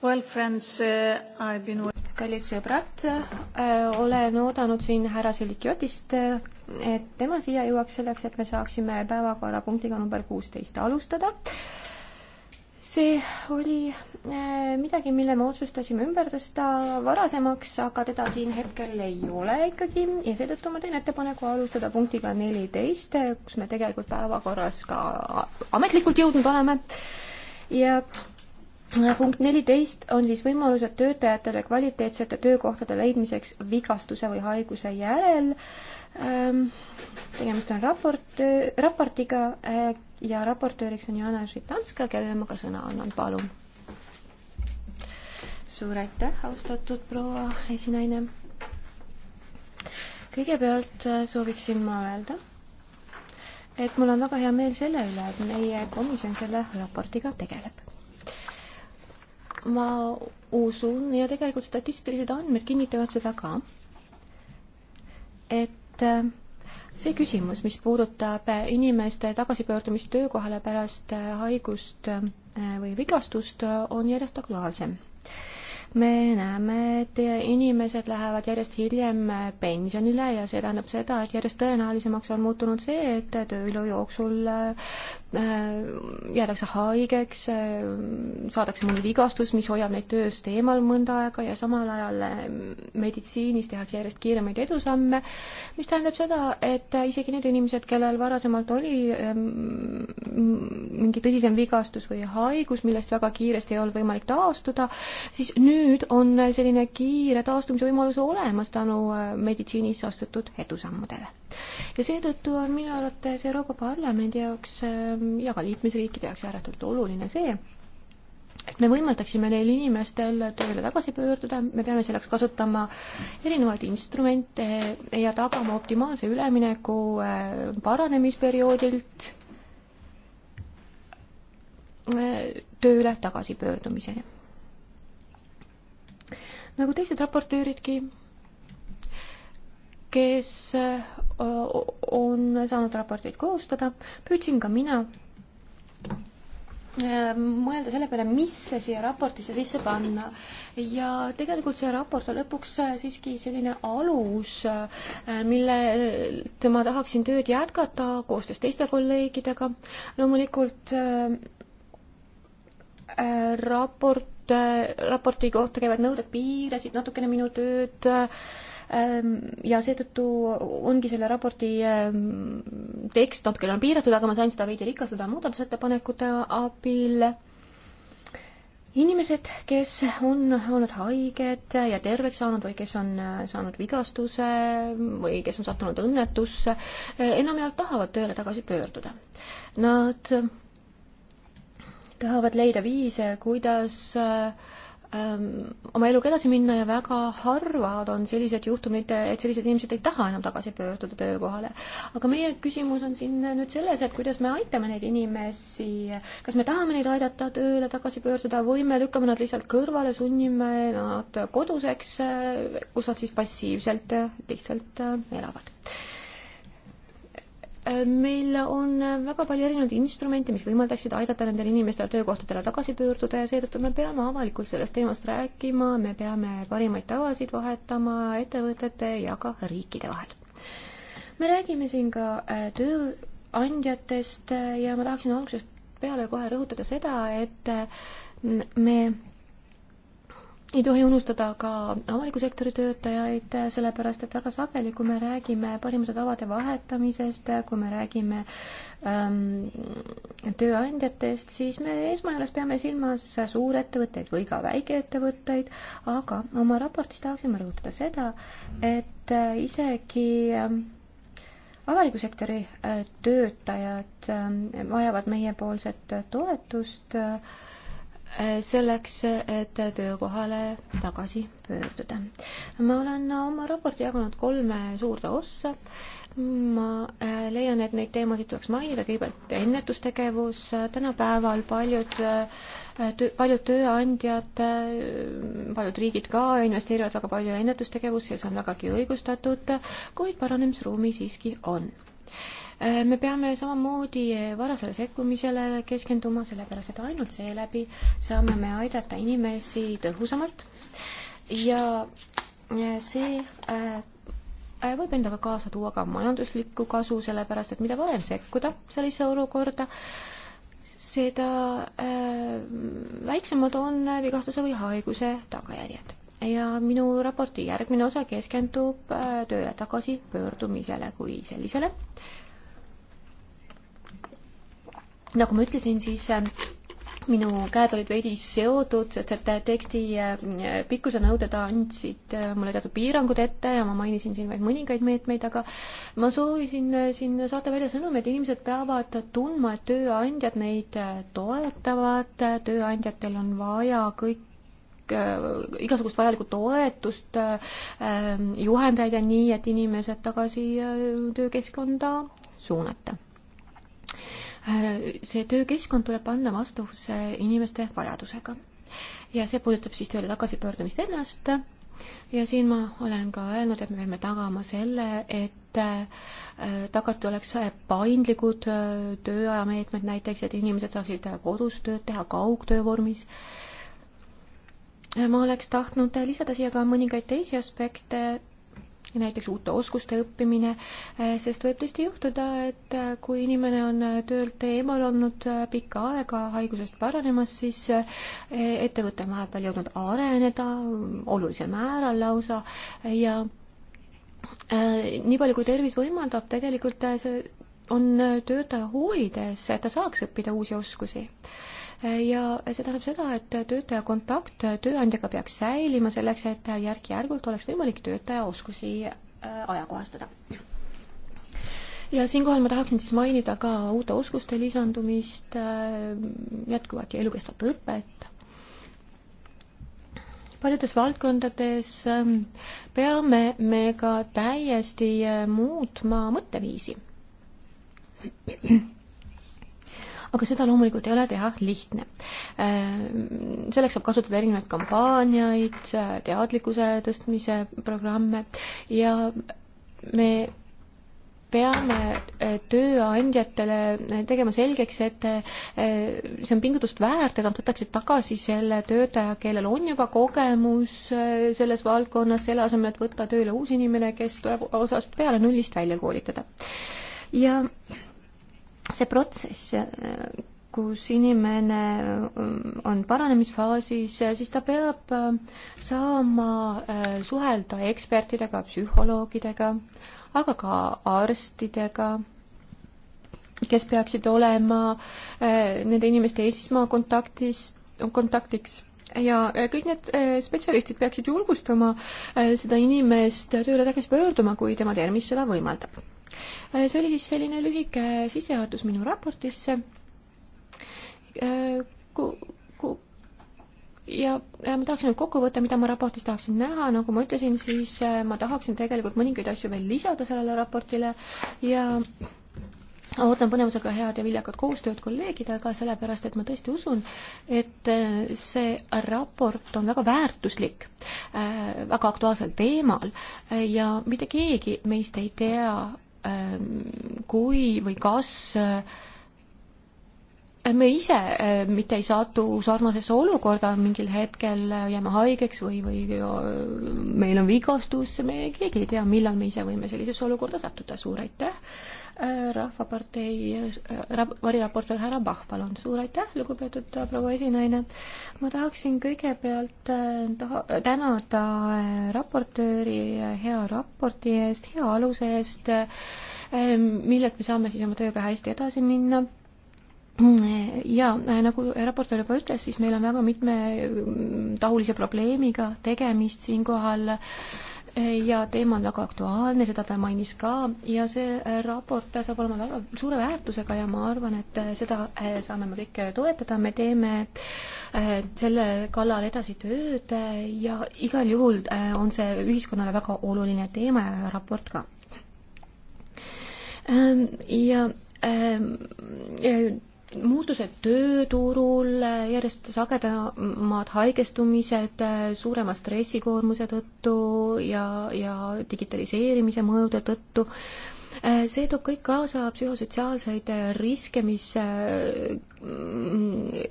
Well, friends, uh, I've been kallid sõbrad, äh, olen oodanud siin härra Silikiotist, äh, et tema siia jõuaks selleks, et me saaksime päevakorrapunktiga number kuusteist alustada. see oli äh, midagi, mille me otsustasime ümber tõsta varasemaks, aga teda siin hetkel ei ole ikkagi ja seetõttu ma teen ettepaneku alustada punktiga neliteist, kus me tegelikult päevakorras ka ametlikult jõudnud oleme ja punkt neliteist on siis võimalused töötajatele kvaliteetsete töökohtade leidmiseks vigastuse või haiguse järel. Ähm, tegemist on raport, raportiga äh, ja raportööriks on Jana Žitanska, kellele ma ka sõna annan, palun. suur aitäh, austatud proua esinaine. kõigepealt äh, sooviksin ma öelda, et mul on väga hea meel selle üle, et meie komisjon selle raportiga tegeleb ma usun ja tegelikult statistilised andmed kinnitavad seda ka, et äh, see küsimus, mis puudutab äh, inimeste tagasipöördumist töökohale pärast äh, haigust või vigastust, on järjest aktuaalsem me näeme, et inimesed lähevad järjest hiljem pensionile ja see tähendab seda, et järjest tõenäolisemaks on muutunud see, et tööelu jooksul äh, jäädakse haigeks, äh, saadakse mõni vigastus, mis hoiab neid tööst eemal mõnda aega ja samal ajal äh, meditsiinis tehakse järjest kiiremaid edusamme, mis tähendab seda, et isegi need inimesed, kellel varasemalt oli ähm, mingi tõsisem vigastus või haigus, millest väga kiiresti ei olnud võimalik taastuda, siis nüüd nüüd on selline kiire taastumise võimalus olemas tänu äh, meditsiinis astutud edusammudele. ja seetõttu on minu arvates Euroopa Parlamendi jaoks ähm, ja ka liikmesriikide jaoks ääretult oluline see, et me võimaldaksime neil inimestel tööle tagasi pöörduda, me peame selleks kasutama erinevaid instrumente ja tagama optimaalse ülemineku äh, paranemisperioodilt äh, tööle tagasipöördumiseni nagu teised raportööridki, kes äh, on saanud raporteid koostada, püüdsin ka mina äh, mõelda selle peale, mis siia raportisse sisse panna. ja tegelikult see raport on lõpuks äh, siiski selline alus, millelt ma tahaksin tööd jätkata koostöös teiste kolleegidega. loomulikult äh, raport uute äh, raporti kohta käivad nõuded piirasid natukene minu tööd ähm, ja seetõttu ongi selle raporti ähm, tekst natukene on piiratud, aga ma sain seda veidi rikastada muudatusettepanekute abil. inimesed, kes on olnud haiged ja terveks saanud või kes on äh, saanud vigastuse või kes on sattunud õnnetusse, äh, enamjaolt tahavad tööle tagasi pöörduda. Nad tahavad leida viise, kuidas ähm, oma eluga edasi minna ja väga harvad on sellised juhtumid, et sellised inimesed ei taha enam tagasi pöörduda töökohale. aga meie küsimus on siin nüüd selles, et kuidas me aitame neid inimesi, kas me tahame neid aidata tööle tagasi pöörduda või me lükkame nad lihtsalt kõrvale, sunnime nad koduseks, kus nad siis passiivselt lihtsalt äh, elavad meil on väga palju erinevaid instrumente, mis võimaldaksid aidata nendel inimestel töökohtadele tagasi pöörduda ja seetõttu me peame avalikult sellest teemast rääkima, me peame parimaid tavasid vahetama ettevõtete ja ka riikide vahel. me räägime siin ka äh, tööandjatest ja ma tahaksin algusest peale kohe rõhutada seda, et äh, me ei tohi unustada ka avaliku sektori töötajaid, sellepärast et väga sageli, kui me räägime parimate tavade vahetamisest, kui me räägime ähm, tööandjatest, siis me esmajoones peame silmas suurettevõtteid või ka väikeettevõtteid, aga oma raportis tahaksime rõhutada seda, et äh, isegi ähm, avaliku sektori äh, töötajad äh, vajavad meiepoolset äh, toetust äh, selleks, et töökohale tagasi pöörduda. ma olen oma raporti jaganud kolme suurde ossa. ma äh, leian, et neid teemasid tuleks mainida, kõigepealt ennetustegevus, tänapäeval paljud äh, töö, paljud tööandjad, äh, paljud riigid ka investeerivad väga palju ennetustegevusse ja see on vägagi õigustatud, kuid paranemisruumi siiski on Äh, me peame samamoodi äh, varasele sekkumisele keskenduma, sellepärast et ainult seeläbi saame me aidata inimesi tõhusamalt ja äh, see võib endaga kaasa tuua ka majanduslikku kasu, sellepärast et mida varem sekkuda sellisesse olukorda, seda väiksemad on vigastuse või haiguse tagajärjed. ja minu raporti järgmine osa keskendub tööle tagasipöördumisele kui sellisele äh, nagu ma ütlesin, siis ähm, minu käed olid veidi seotud, sest et äh, teksti äh, pikkuse nõuded andsid äh, mulle teatud piirangud ette ja ma mainisin siin vaid mõningaid meetmeid, aga ma soovisin siin saata välja sõnumi, et inimesed peavad tundma, et tööandjad neid toetavad, tööandjatel on vaja kõik igasugust vajalikku toetust, juhendajaid ja nii, et inimesed tagasi töökeskkonda suunata Äh, see töökeskkond tuleb panna vastavusse inimeste vajadusega. ja see puudutab siis tööle tagasipöördumist ennast ja siin ma olen ka öelnud, et me peame tagama selle, et äh, tagatud oleks paindlikud äh, tööajameetmed näiteks, et inimesed saaksid kodus tööd teha kaugtöö vormis ma oleks tahtnud lisada siia ka mõningaid teisi aspekte, näiteks uute oskuste õppimine, eh, sest võib tõesti juhtuda, et eh, kui inimene on eh, töölt eemal olnud pikka aega haigusest paranemas, siis ettevõte on vahepeal jõudnud areneda mm, olulisel määral lausa ja nii palju, kui tervis võimaldab, tegelikult see on töötaja huvides, et ta saaks õppida uusi oskusi ja see tähendab seda, et töötaja kontakt tööandjaga peaks säilima selleks, et järk-järgult oleks võimalik töötaja oskusi äh, ajakohastada. ja siinkohal ma tahaksin siis mainida ka uute oskuste lisandumist, äh, jätkuvat ja elukestvat õpet paljudes valdkondades ähm, peame me ka täiesti äh, muutma mõtteviisi aga seda loomulikult ei ole teha lihtne. Äh, selleks saab kasutada erinevaid kampaaniaid, äh, teadlikkuse tõstmise programme ja me peame äh, tööandjatele tegema selgeks, et see on pingutust väärt, et nad võtaksid tagasi selle töötaja, kellel on juba kogemus selles valdkonnas, selle asemel, et võtta tööle uus inimene, kes tuleb osast peale nullist välja koolitada. ja see protsess, kus inimene mm, on paranemisfaasis, siis ta peab äh, saama äh, suhelda ekspertidega, psühholoogidega, aga ka arstidega, kes peaksid olema äh, nende inimeste esmakontaktis, kontaktiks ja kõik need spetsialistid peaksid julgustama seda inimest tööle tagasi pöörduma, kui tema tervis seda võimaldab Äh, see oli siis selline lühike sissejuhatus minu raportisse. Äh, ja ma tahaksin nüüd kokku võtta, mida ma raportis tahaksin näha, nagu ma ütlesin, siis äh, ma tahaksin tegelikult mõningaid asju veel lisada sellele raportile ja ootan põnevusega head ja viljakat koostööd kolleegidega, sellepärast et ma tõesti usun, et see raport on väga väärtuslik äh,, väga aktuaalsel teemal ja mitte keegi meist ei tea, kui või kas äh, me ise äh, mitte ei satu sarnasesse olukorda mingil hetkel, äh, jääme haigeks või, või meil on vigastus, me keegi ei tea, millal me ise võime sellisesse olukorda sattuda, suur aitäh Rahvapartei äh, variraportor härra Bach, palun. suur aitäh, lugupeetud äh, proua esinaine. ma tahaksin kõigepealt äh, taha, tänada raportööri hea raporti eest, hea aluse eest, millelt me saame siis oma tööga hästi edasi minna ja nagu raportöör juba ütles, siis meil on väga mitmetahulise mm, probleemiga tegemist siinkohal ja teema on väga aktuaalne, seda ta mainis ka ja see raport saab olema väga suure väärtusega ja ma arvan, et seda äh, saame me kõik toetada, me teeme äh, selle kallal edasi tööd ja igal juhul äh, on see ühiskonnale väga oluline teema ja raport ka. Ähm, ja ähm, muutused tööturul, järjest sagedamad haigestumised suurema stressikoormuse tõttu ja, ja digitaliseerimise mõjude tõttu, see toob kõik kaasa psühhosotsiaalseid riske, mis mm,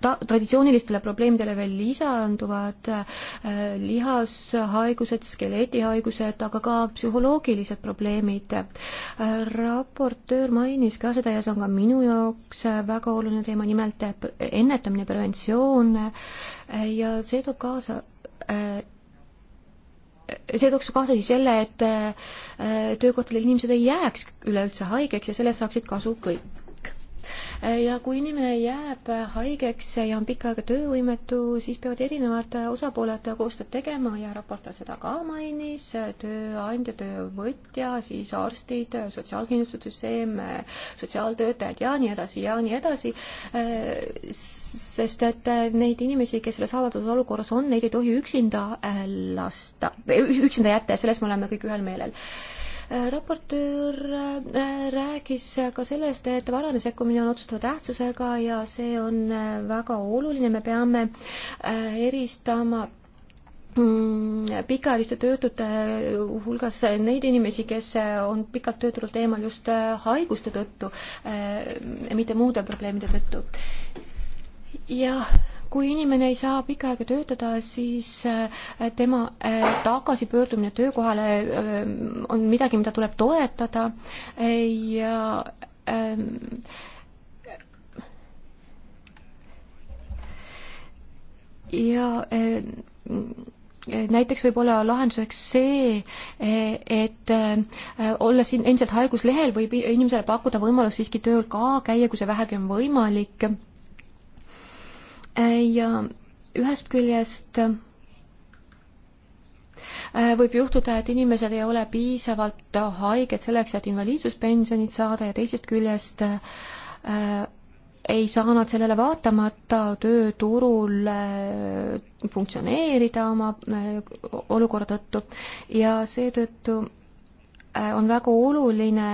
ta-, traditsioonilistele probleemidele veel lisanduvad äh, lihashaigused, skeletihaigused, aga ka psühholoogilised probleemid. Äh, raportöör mainis ka seda ja see on ka minu jaoks äh, väga oluline teema, nimelt ennetamine, preventsioon ja see toob kaasa see tooks kaasa siis selle, et töökohtadel inimesed ei jääks üleüldse haigeks ja sellest saaksid kasu kõik ja kui inimene jääb haigeks ja on pikka aega töövõimetu, siis peavad erinevad osapooled koostööd tegema ja raport seda ka mainis, tööandja, töövõtja, siis arstid, sotsiaalkindlustussüsteem, sotsiaaltöötajad ja nii edasi ja nii edasi, sest et neid inimesi, kes selles haavatud olukorras on, neid ei tohi üksinda lasta, üksinda jätta ja selles me oleme kõik ühel meelel raportöör äh, rääkis ka sellest, et varane sekkumine on otsustava tähtsusega ja see on äh, väga oluline, me peame äh, eristama mm, pikaajaliste töötute hulgas neid inimesi, kes on pikalt tööturult eemal just haiguste tõttu, mitte muude probleemide tõttu. jah kui inimene ei saa pikka aega töötada, siis äh, tema äh, tagasipöördumine töökohale äh, on midagi, mida tuleb toetada ja ähm, ja näiteks võib olla lahenduseks see, et olles endiselt haiguslehel, võib inimesele pakkuda võimalust siiski tööl ka käia, kui see vähegi on võimalik Äh, ja ühest küljest äh, võib juhtuda, et inimesed ei ole piisavalt haiged selleks, et invaliidsuspensionit saada ja teisest küljest äh, ei saa nad sellele vaatamata tööturul äh, funktsioneerida oma äh, olukorra tõttu ja seetõttu äh, on väga oluline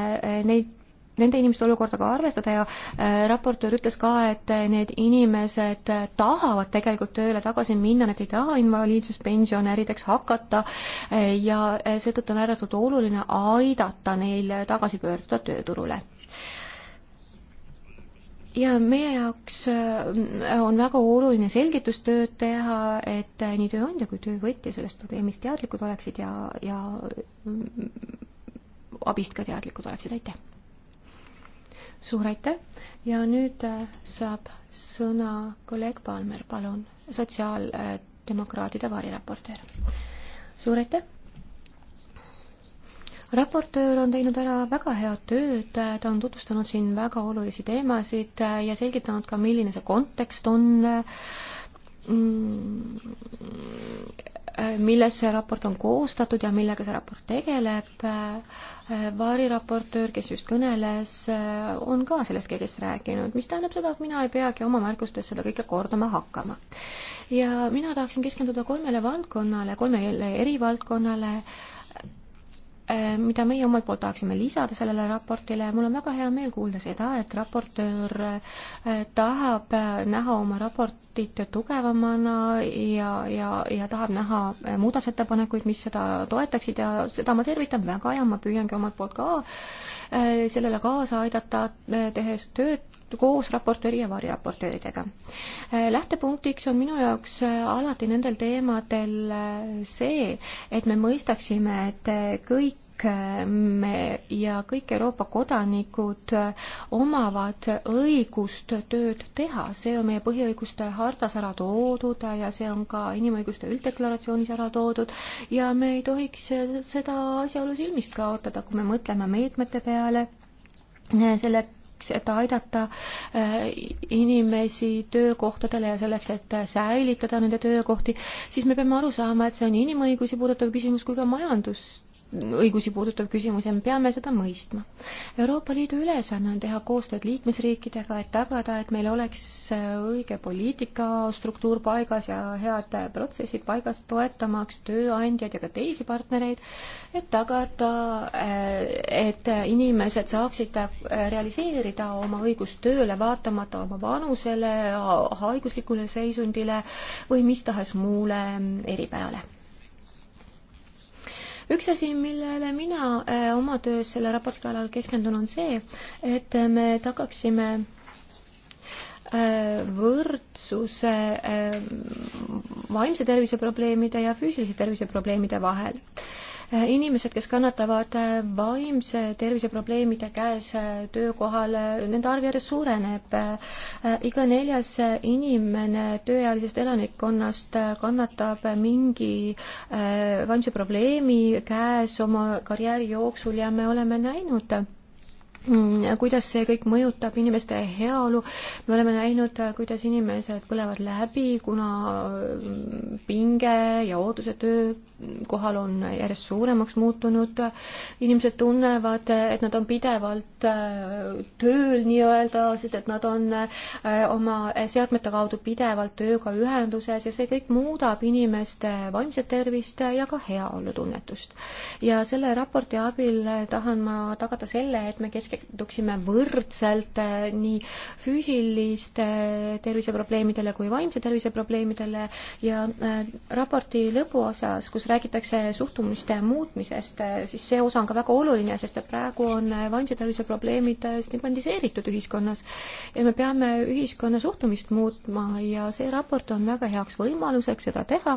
neid nende inimeste olukorda ka arvestada ja äh, raportöör ütles ka, et need inimesed tahavad tegelikult tööle tagasi minna, nad ei taha invaliidsuspensionärideks hakata äh, ja äh, seetõttu on ääretult oluline aidata neil tagasi pöörduda tööturule ja meie jaoks on väga oluline selgitustööd teha, et nii tööandja kui töövõtja sellest probleemist teadlikud oleksid ja, ja mm, abist ka teadlikud oleksid, aitäh! suur aitäh ja nüüd äh, saab sõna kolleeg Palmer, palun, sotsiaaldemokraatide variraportöör. suur aitäh! raportöör on teinud ära väga head tööd, ta on tutvustanud siin väga olulisi teemasid äh, ja selgitanud ka, milline see kontekst on, mm, äh, milles see raport on koostatud ja millega see raport tegeleb Äh, variraportöör, kes just kõneles, äh, on ka sellest keelest rääkinud, mis tähendab seda, et mina ei peagi oma märkustes seda kõike kordama hakkama. ja mina tahaksin keskenduda kolmele valdkonnale, kolmele erivaldkonnale, Äh, mida meie omalt poolt tahaksime lisada sellele raportile, mul on väga hea meel kuulda seda, et raportöör äh, tahab äh, näha oma raportit tugevamana ja, ja, ja tahab näha muudatusettepanekuid, mis seda toetaksid ja seda ma tervitan väga ja ma püüangi omalt poolt ka sellele kaasa aidata, tehes tööd koos raportööri ja variraportööridega. Äh, lähtepunktiks on minu jaoks äh, alati nendel teemadel äh, see, et me mõistaksime, et kõik me ja kõik Euroopa kodanikud omavad õigust tööd teha, see on meie põhiõiguste hartas ära toodud ja see on ka inimõiguste ülddeklaratsioonis ära toodud ja me ei tohiks seda asjaolu silmist kaotada, kui me mõtleme meetmete peale, selle selleks, et aidata äh, inimesi töökohtadele ja selleks, et säilitada nende töökohti, siis me peame aru saama, et see on inimõigusi puudutav küsimus kui ka majandust õigusi puudutav küsimus ja me peame seda mõistma. Euroopa Liidu ülesanne on teha koostööd liikmesriikidega, et tagada, et meil oleks õige poliitikastruktuur paigas ja head protsessid paigas, toetamaks tööandjaid ja ka teisi partnereid, et tagada, et inimesed saaksid realiseerida oma õigust tööle, vaatamata oma vanusele, haiguslikule seisundile või mis tahes muule eripärale üks asi, millele mina äh, oma töös selle raporti kallal keskendun, on see, et me tagaksime äh, võrdsuse äh, vaimse tervise probleemide ja füüsilise tervise probleemide vahel inimesed, kes kannatavad äh, vaimse tervise probleemide käes äh, töökohal, äh, nende arv järjest suureneb. iga neljas inimene tööealisest elanikkonnast kannatab mingi vaimse probleemi käes oma karjääri jooksul ja me oleme näinud, Mm, kuidas see kõik mõjutab inimeste heaolu. me oleme näinud, äh, kuidas inimesed põlevad läbi, kuna äh, pinge ja ootused töökohal on järjest suuremaks muutunud. inimesed tunnevad, äh, et nad on pidevalt tööl nii-öelda, sest et nad on oma seadmete kaudu pidevalt tööga ühenduses ja see kõik muudab inimeste vaimset tervist ja ka heaolutunnetust. ja selle raporti abil tahan ma tagada selle, et me keskendume keskenduksime võrdselt eh, nii füüsiliste terviseprobleemidele kui vaimse tervise probleemidele ja eh, raporti lõpuosas, kus räägitakse suhtumiste muutmisest, eh, siis see osa on ka väga oluline, sest et praegu on vaimse tervise probleemid stigmatiseeritud ühiskonnas ja me peame ühiskonna suhtumist muutma ja see raport on väga heaks võimaluseks seda teha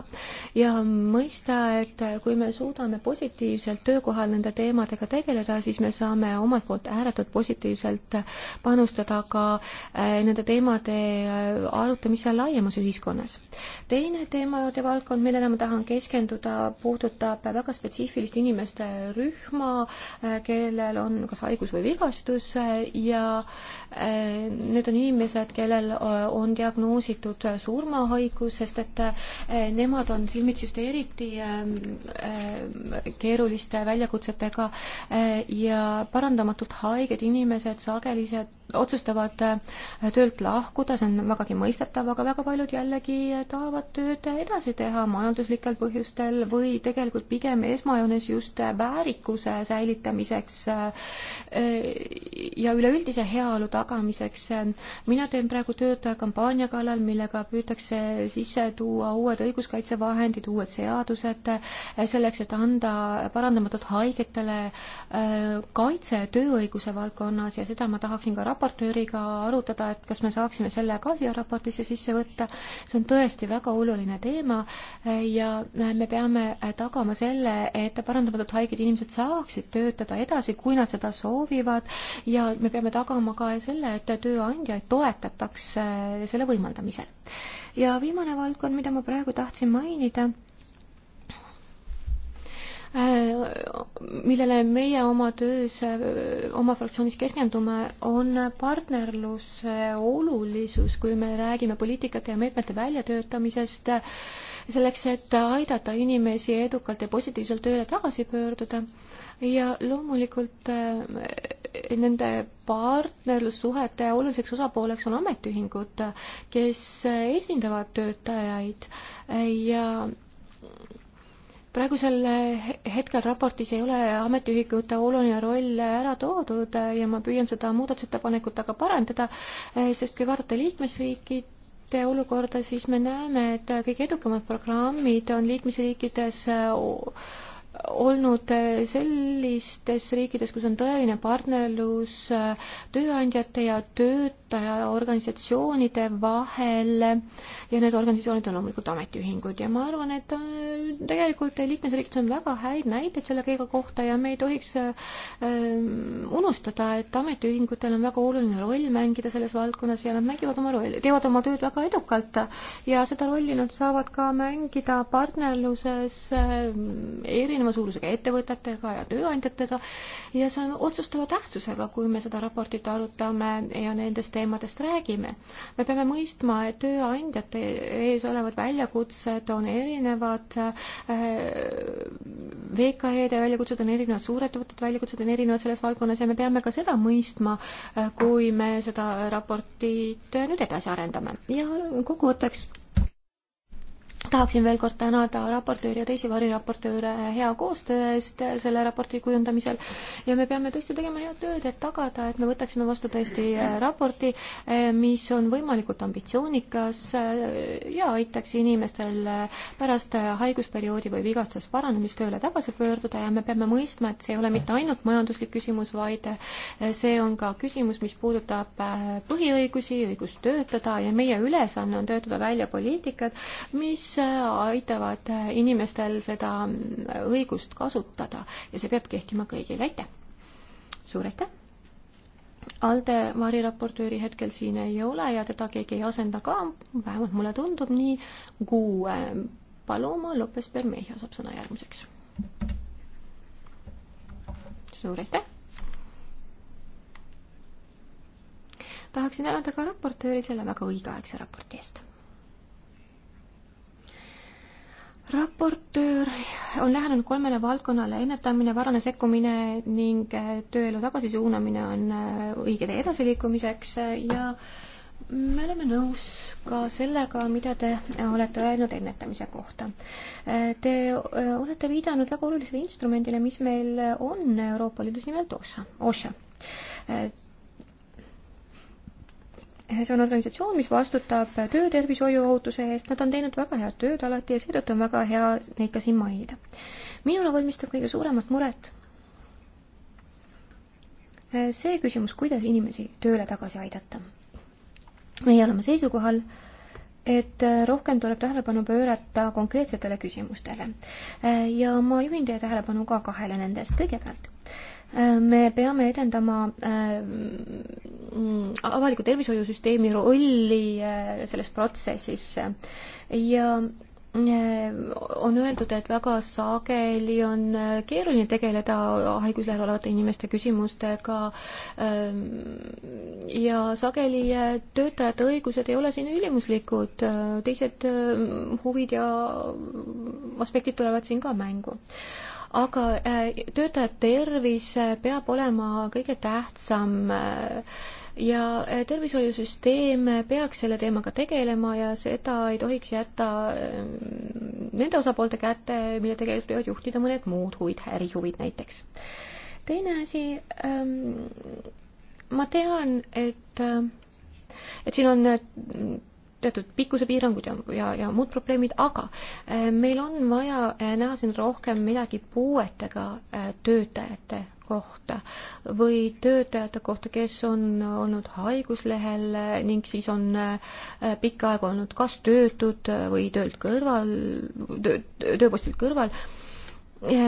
ja mõista, et kui me suudame positiivselt töökohal nende teemadega tegeleda, siis me saame omalt poolt ära ääretult positiivselt panustada ka äh, nende teemade äh, arutamisel laiemas ühiskonnas. teine teemade valdkond, millele ma tahan keskenduda, puudutab väga spetsiifilist inimeste rühma, äh, kellel on kas haigus või vigastus ja need on inimesed, kellel on diagnoositud surmahaigus, sest et nemad on silmitsi just eriti ähm, keeruliste väljakutsetega ja parandamatult haiged haiged inimesed sageli sealt otsustavad äh, töölt lahkuda, see on vägagi mõistetav, aga väga paljud jällegi tahavad tööd edasi teha majanduslikel põhjustel või tegelikult pigem esmajoones just väärikuse säilitamiseks äh, ja üleüldise heaolu tagamiseks. mina teen praegu tööd kampaania kallal, millega püütakse sisse tuua uued õiguskaitsevahendid, uued seadused, äh, selleks, et anda parandamatult haigetele kaitse tööõiguse valdkonnas ja seda ma tahaksin ka raportida raportööriga arutada, et kas me saaksime selle ka siia raportisse sisse võtta. see on tõesti väga oluline teema ja me peame tagama selle, et parandamatud haiged inimesed saaksid töötada edasi, kui nad seda soovivad ja me peame tagama ka selle, et tööandjaid toetatakse selle võimaldamisel. ja viimane valdkond, mida ma praegu tahtsin mainida Äh, millele meie oma töös, äh, oma fraktsioonis keskendume, on partnerluse olulisus, kui me räägime poliitikate ja meetmete väljatöötamisest, äh, selleks, et aidata inimesi edukalt ja positiivselt tööle tagasi pöörduda ja loomulikult nende partnerlussuhete oluliseks osapooleks on ametiühingud, kes esindavad töötajaid ja praegusel hetkel raportis ei ole ametiühingute oluline roll ära toodud ja ma püüan seda muudatusettepanekut aga parandada, eh, sest kui vaadata liikmesriikide olukorda, siis me näeme, et kõige edukamad programmid on liikmesriikides eh, olnud äh, sellistes riikides, kus on tõeline partnerlus äh, tööandjate ja töötaja organisatsioonide vahel ja need organisatsioonid on loomulikult ametiühingud ja ma arvan, et äh, tegelikult liikmesriikides on väga häid näiteid selle kõige kohta ja me ei tohiks unustada, et ametiühingutel on väga oluline roll mängida selles valdkonnas ja nad mängivad oma rolli, teevad oma tööd väga edukalt ja seda rolli nad saavad ka mängida partnerluses erinevate sama suurusega ettevõtetega ja tööandjatega ja see on otsustava tähtsusega, kui me seda raportit arutame ja nendest teemadest räägime. me peame mõistma, et tööandjate ees olevad väljakutsed on erinevad, äh, VKE-de väljakutsed on erinevad, suurettevõtete väljakutsed on erinevad selles valdkonnas ja me peame ka seda mõistma, äh, kui me seda raportit nüüd edasi arendame. ja kokkuvõtteks tahaksin veel kord tänada raportööri ja teisi variraportööre hea koostöö eest selle raporti kujundamisel ja me peame tõesti tegema head tööd, et tagada, et me võtaksime vastu tõesti äh, raporti, äh, mis on võimalikult ambitsioonikas äh, ja aitaks inimestel pärast haigusperioodi või vigastusest paranemistööle tagasi pöörduda ja me peame mõistma, et see ei ole mitte ainult majanduslik küsimus, vaid see on ka küsimus, mis puudutab põhiõigusi, õigust töötada ja meie ülesanne on töötada välja poliitikad, mis aitavad inimestel seda õigust kasutada ja see peab kehtima kõigile, aitäh! suur aitäh! ALDE variraportööri hetkel siin ei ole ja teda keegi ei asenda ka, vähemalt mulle tundub nii, kuue Paloma Lopez Bermejo saab sõna järgmiseks. suur aitäh! tahaksin tänada ka raportööri selle väga õigeaegse raporti eest raportöör on lähenenud kolmele valdkonnale, ennetamine, varane sekkumine ning äh, tööelu tagasisuunamine on äh, õige tee edasiliikumiseks ja me oleme nõus ka sellega, mida te äh, olete öelnud ennetamise kohta. Te olete viidanud väga olulisele instrumendile, mis meil on Euroopa Liidus nimelt OSHA, OSHA see on organisatsioon, mis vastutab töötervishoiu ohutuse eest, nad on teinud väga head tööd alati ja seetõttu on väga hea neid ka siin mainida. minule valmistab kõige suuremat muret see küsimus, kuidas inimesi tööle tagasi aidata. meie oleme seisukohal, et rohkem tuleb tähelepanu pöörata konkreetsetele küsimustele. ja ma juhin teie tähelepanu ka kahele nendest kõigepealt me peame edendama äh, mm, avaliku tervishoiusüsteemi rolli äh, selles protsessis ja äh, on öeldud, et väga sageli on keeruline tegeleda haiguslehel olevate inimeste küsimustega ähm, ja sageli töötajate õigused ei ole siin ülimuslikud, teised huvid ja aspektid tulevad siin ka mängu aga äh, töötaja tervis äh, peab olema kõige tähtsam äh, ja tervishoiusüsteem peaks selle teemaga tegelema ja seda ei tohiks jätta nende osapoolte kätte, mille tegelikult võivad juhtida mõned muud huvid, ärihuvid näiteks. teine asi ähm,, ma tean, et et siin on teatud pikkusepiirangud ja, ja, ja muud probleemid, aga äh, meil on vaja äh, näha siin rohkem midagi puuetega äh, töötajate kohta või töötajate kohta, kes on olnud haiguslehel ning siis on pikka aega olnud kas töötud või töölt kõrval töö,, tööpostilt kõrval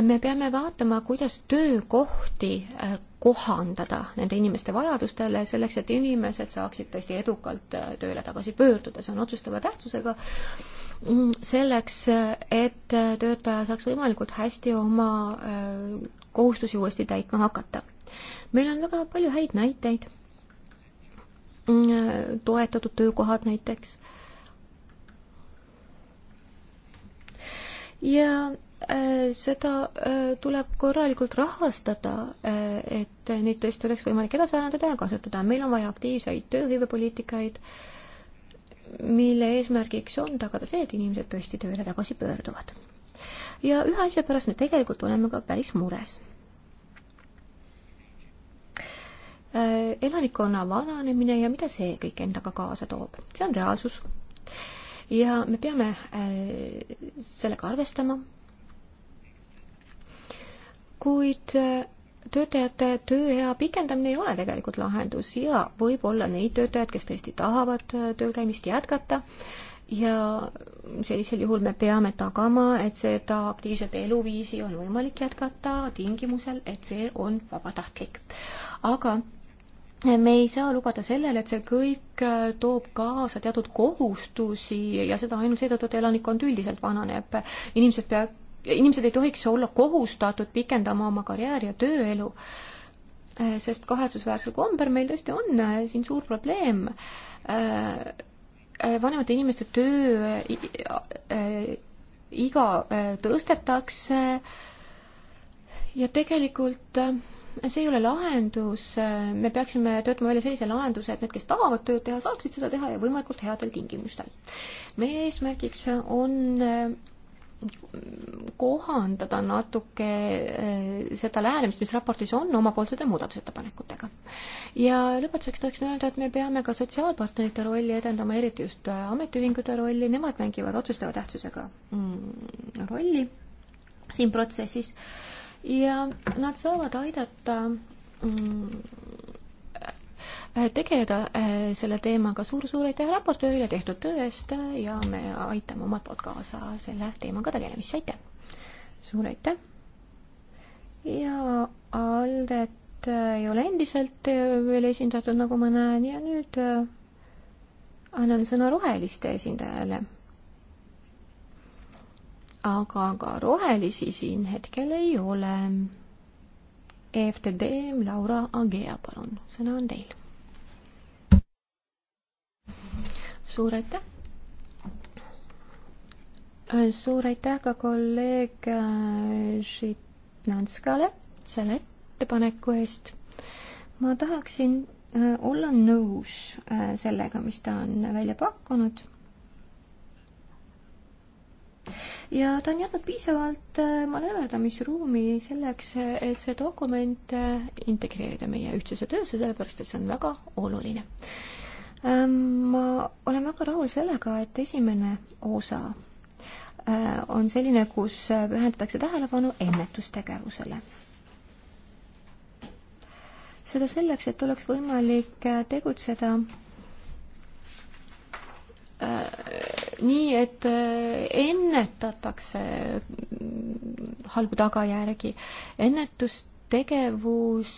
me peame vaatama, kuidas töökohti äh, kohandada nende inimeste vajadustele, selleks et inimesed saaksid tõesti edukalt äh, tööle tagasi pöörduda, see on otsustava tähtsusega, mm, selleks, äh, et töötaja saaks võimalikult hästi oma kohustusi uuesti täitma hakata. meil on väga palju häid näiteid, mm, toetatud töökohad näiteks, ja Äh, seda äh, tuleb korralikult rahastada, äh, et neid tõesti oleks võimalik edasi arendada ja kasutada. meil on vaja aktiivseid tööhõivepoliitikaid, mille eesmärgiks on tagada see, et inimesed tõesti tööle tagasi pöörduvad. ja ühe asja pärast me tegelikult oleme ka päris mures. elanikkonna vananemine ja mida see kõik endaga kaasa toob, see on reaalsus. ja me peame sellega arvestama kuid äh, töötajate tööea pikendamine ei ole tegelikult lahendus ja võib olla neid töötajaid, kes tõesti tahavad äh, tööl käimist jätkata ja sellisel juhul me peame tagama, et seda aktiivset eluviisi on võimalik jätkata tingimusel, et see on vabatahtlik. aga äh, me ei saa lubada sellele, et see kõik toob kaasa teatud kohustusi ja seda ainult seetõttu, et elanikkond üldiselt vananeb. inimesed pea-, inimesed ei tohiks olla kohustatud pikendama oma karjääri ja tööelu, äh, sest kahetsusväärsel kombel meil tõesti on äh, siin suur probleem. Äh, vanemate inimeste töö iga tõstetakse ja tegelikult see ei ole lahendus, me peaksime töötama välja sellise lahenduse, et need, kes tahavad tööd teha, saaksid seda teha ja võimalikult headel tingimustel. meie eesmärgiks on kohandada natuke eh, seda lähenemist, mis raportis on, omapoolsete muudatusettepanekutega. ja lõpetuseks tahaksin öelda, et me peame ka sotsiaalpartnerite rolli edendama, eriti just äh, ametiühingute rolli, nemad mängivad otsustava tähtsusega mm, rolli siin protsessis ja nad saavad aidata mm, Äh, tegeleda äh, selle teemaga suur,. suur-suur aitäh raportöörile tehtud töö eest äh, ja me aitame omalt poolt kaasa selle teemaga tegelemisse, aitäh! suur aitäh! ja Aldet ei ole endiselt veel esindatud, nagu ma näen, ja nüüd annan sõna roheliste esindajale. aga ka rohelisi siin hetkel ei ole EFTD Laura Agea, palun, sõna on teil. suur aitäh! Äh, suur aitäh ka kolleeg äh, Žitnanskale selle ettepaneku eest. ma tahaksin äh, olla nõus sellega, mis ta on välja pakkunud. ja ta on jätnud piisavalt manööverdamisruumi selleks, et see dokument integreerida meie ühtsesse töösse, sellepärast et see on väga oluline Ehm, ma olen väga rahul sellega, et esimene osa eh, on selline, kus eh, pühendatakse tähelepanu ennetustegevusele. seda selleks, et oleks võimalik eh, tegutseda nii, et ennetatakse mm, halbu tagajärgi. ennetus tegevus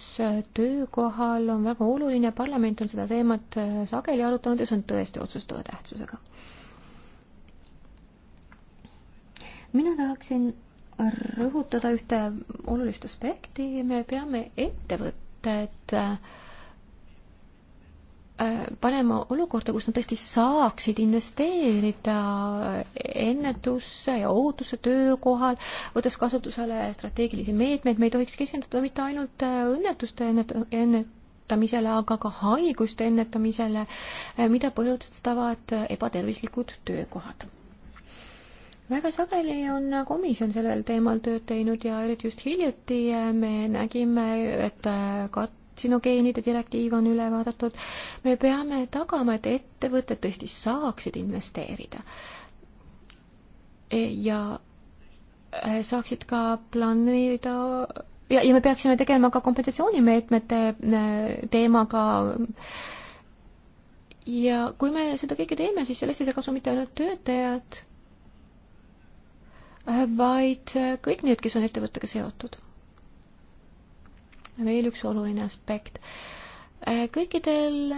töökohal on väga oluline, parlament on seda teemat äh, sageli arutanud ja see on tõesti otsustava tähtsusega. mina tahaksin rõhutada ühte olulist aspekti, me peame ettevõtted et äh, Äh, panema olukorda, kus nad tõesti saaksid investeerida äh, ennetusse ja ohutusse töökohal, võttes kasutusele strateegilisi meetmeid, me ei tohiks keskenduda mitte ainult äh, õnnetuste ennet-, ennetamisele, aga ka haiguste ennetamisele, mida põhjustavad ebatervislikud töökohad. väga sageli on komisjon sellel teemal tööd teinud ja eriti just hiljuti me nägime, et kat-, kartsinogeenide direktiiv on üle vaadatud, me peame tagama, et ettevõtted tõesti saaksid investeerida. ja äh, saaksid ka planeerida ja, ja me peaksime tegelema ka kompensatsioonimeetmete äh, teemaga. ja kui me seda kõike teeme, siis sellest ei saa kasu mitte ainult töötajad, äh, vaid kõik need, kes on ettevõttega seotud veel üks oluline aspekt. Äh, kõikidel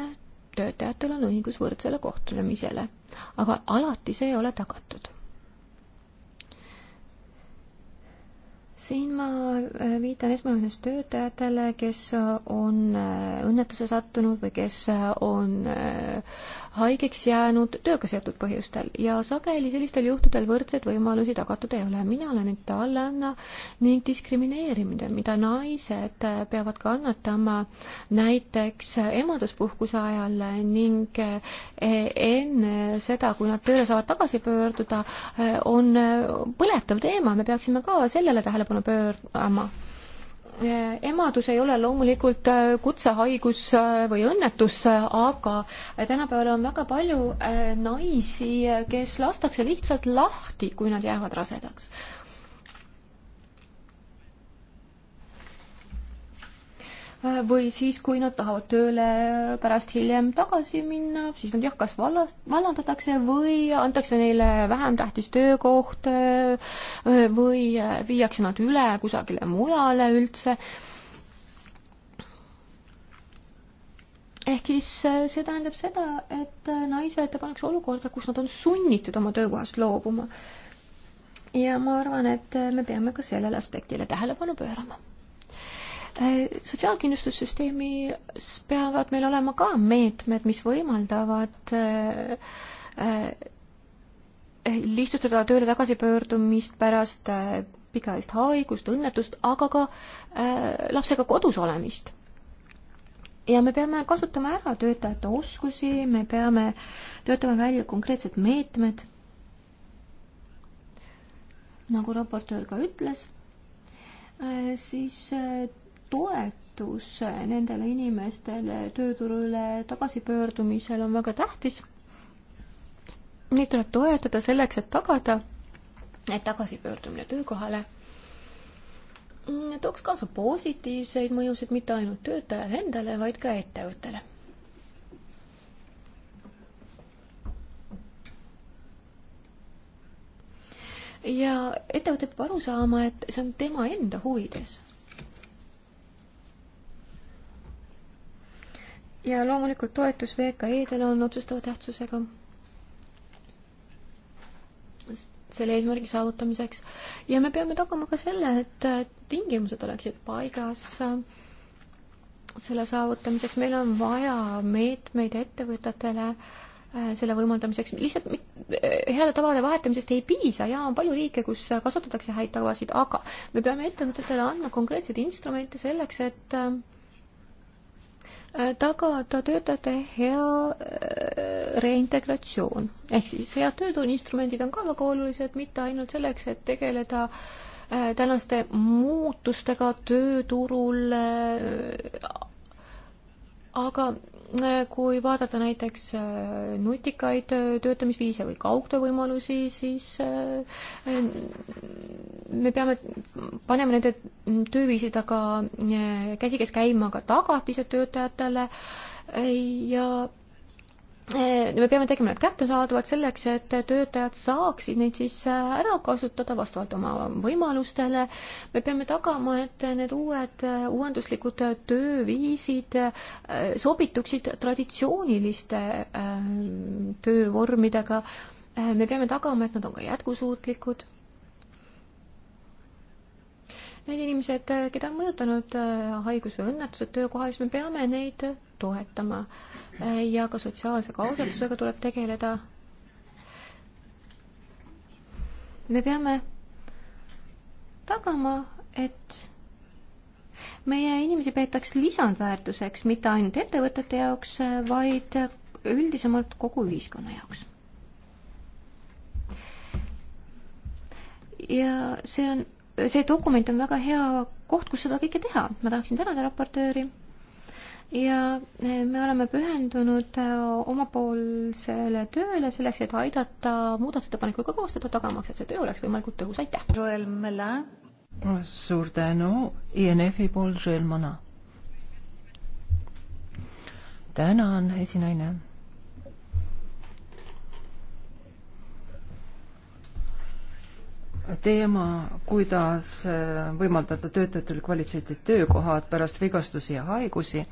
töötajatel on õigus võrdsele kohtlemisele, aga alati see ei ole tagatud. siin ma äh, viitan esmajoones töötajatele, kes on äh, õnnetusse sattunud või kes on haigeks jäänud tööga seotud põhjustel ja sageli sellistel juhtudel võrdseid võimalusi tagatud ei ole. mina olen itaallanna ning diskrimineerimine, mida naised peavad kannatama näiteks emaduspuhkuse ajal ning enne seda, kui nad tööle saavad tagasi pöörduda, on põletav teema, me peaksime ka sellele tähelepanu pöörama Eh, emadus ei ole loomulikult eh, kutsehaigus eh, või õnnetus, aga tänapäeval on väga palju naisi, kes lastakse lihtsalt lahti, kui nad jäävad rasedaks või siis, kui nad tahavad tööle pärast hiljem tagasi minna, siis nad jah, kas vallast, vallandatakse või antakse neile vähem tähtis töökoht äh, või äh, viiakse nad üle kusagile mujale üldse. ehk siis äh, see tähendab seda, et naised pannakse olukorda, kus nad on sunnitud oma töökohast loobuma. ja ma arvan, et me peame ka sellele aspektile tähelepanu pöörama Äh, sotsiaalkindlustussüsteemis peavad meil olema ka meetmed, mis võimaldavad äh, äh, lihtsustada tööle tagasipöördumist pärast pikaajalist haigust, õnnetust, aga ka lapsega kodus olemist. ja me peame kasutama ära töötajate oskusi, me peame töötama välja konkreetsed meetmed, nagu raportöör ka ütles, siis toetus nendele inimestele tööturule tagasipöördumisel on väga tähtis. Neid tuleb toetada selleks, et tagada, et tagasipöördumine töökohale tooks kaasa positiivseid mõjusid mitte ainult töötajale endale, vaid ka ettevõttele ja ettevõte peab aru saama, et see on tema enda huvides. ja loomulikult toetus VKE-dele on otsustava tähtsusega selle eesmärgi saavutamiseks ja me peame tagama ka selle, et tingimused oleksid paigas selle saavutamiseks, meil on vaja meetmeid ettevõtetele eh, selle võimaldamiseks, lihtsalt eh, heade tavade vahetamisest ei piisa ja on palju riike, kus kasutatakse häid tavasid, aga me peame ettevõtetele andma konkreetseid instrumente selleks, et eh, Äh, tagada töötajate hea äh, reintegratsioon. ehk siis head töötuinstrumendid on ka väga olulised, mitte ainult selleks, et tegeleda äh, tänaste muutustega tööturul, aga kui vaadata näiteks nutikaid töötamisviise või kaugtöövõimalusi, siis me peame paneme nende tööviisid aga eh, käsikäes käima ka tagatised töötajatele ja eh, me peame tegema need kättesaadavad selleks, et töötajad saaksid neid siis eh, ära kasutada vastavalt oma võimalustele. me peame tagama, et need uued uuenduslikud tööviisid sobituksid traditsiooniliste töövormidega. me peame tagama, et nad on ka jätkusuutlikud need inimesed, keda on mõjutanud äh, haigus või õnnetused töökohal, siis me peame neid toetama. Äh, ja ka sotsiaalse kaasatusega tuleb tegeleda. me peame tagama, et meie inimesi peetaks lisandväärtuseks mitte ainult ettevõtete jaoks, äh, vaid üldisemalt kogu ühiskonna jaoks. ja see on see dokument on väga hea koht, kus seda kõike teha. ma tahaksin tänada raportööri ja eh, me oleme pühendunud eh, omapoolsele tööle selleks, et aidata muudatusettepanekuga koostada, tagamaks, et see töö oleks võimalikult tõhus, aitäh! suur tänu, INF-i pool, Joel Mana. tänan, esinaine teema, kuidas äh, võimaldada töötajatel kvaliteetsed töökohad pärast vigastusi ja haigusi.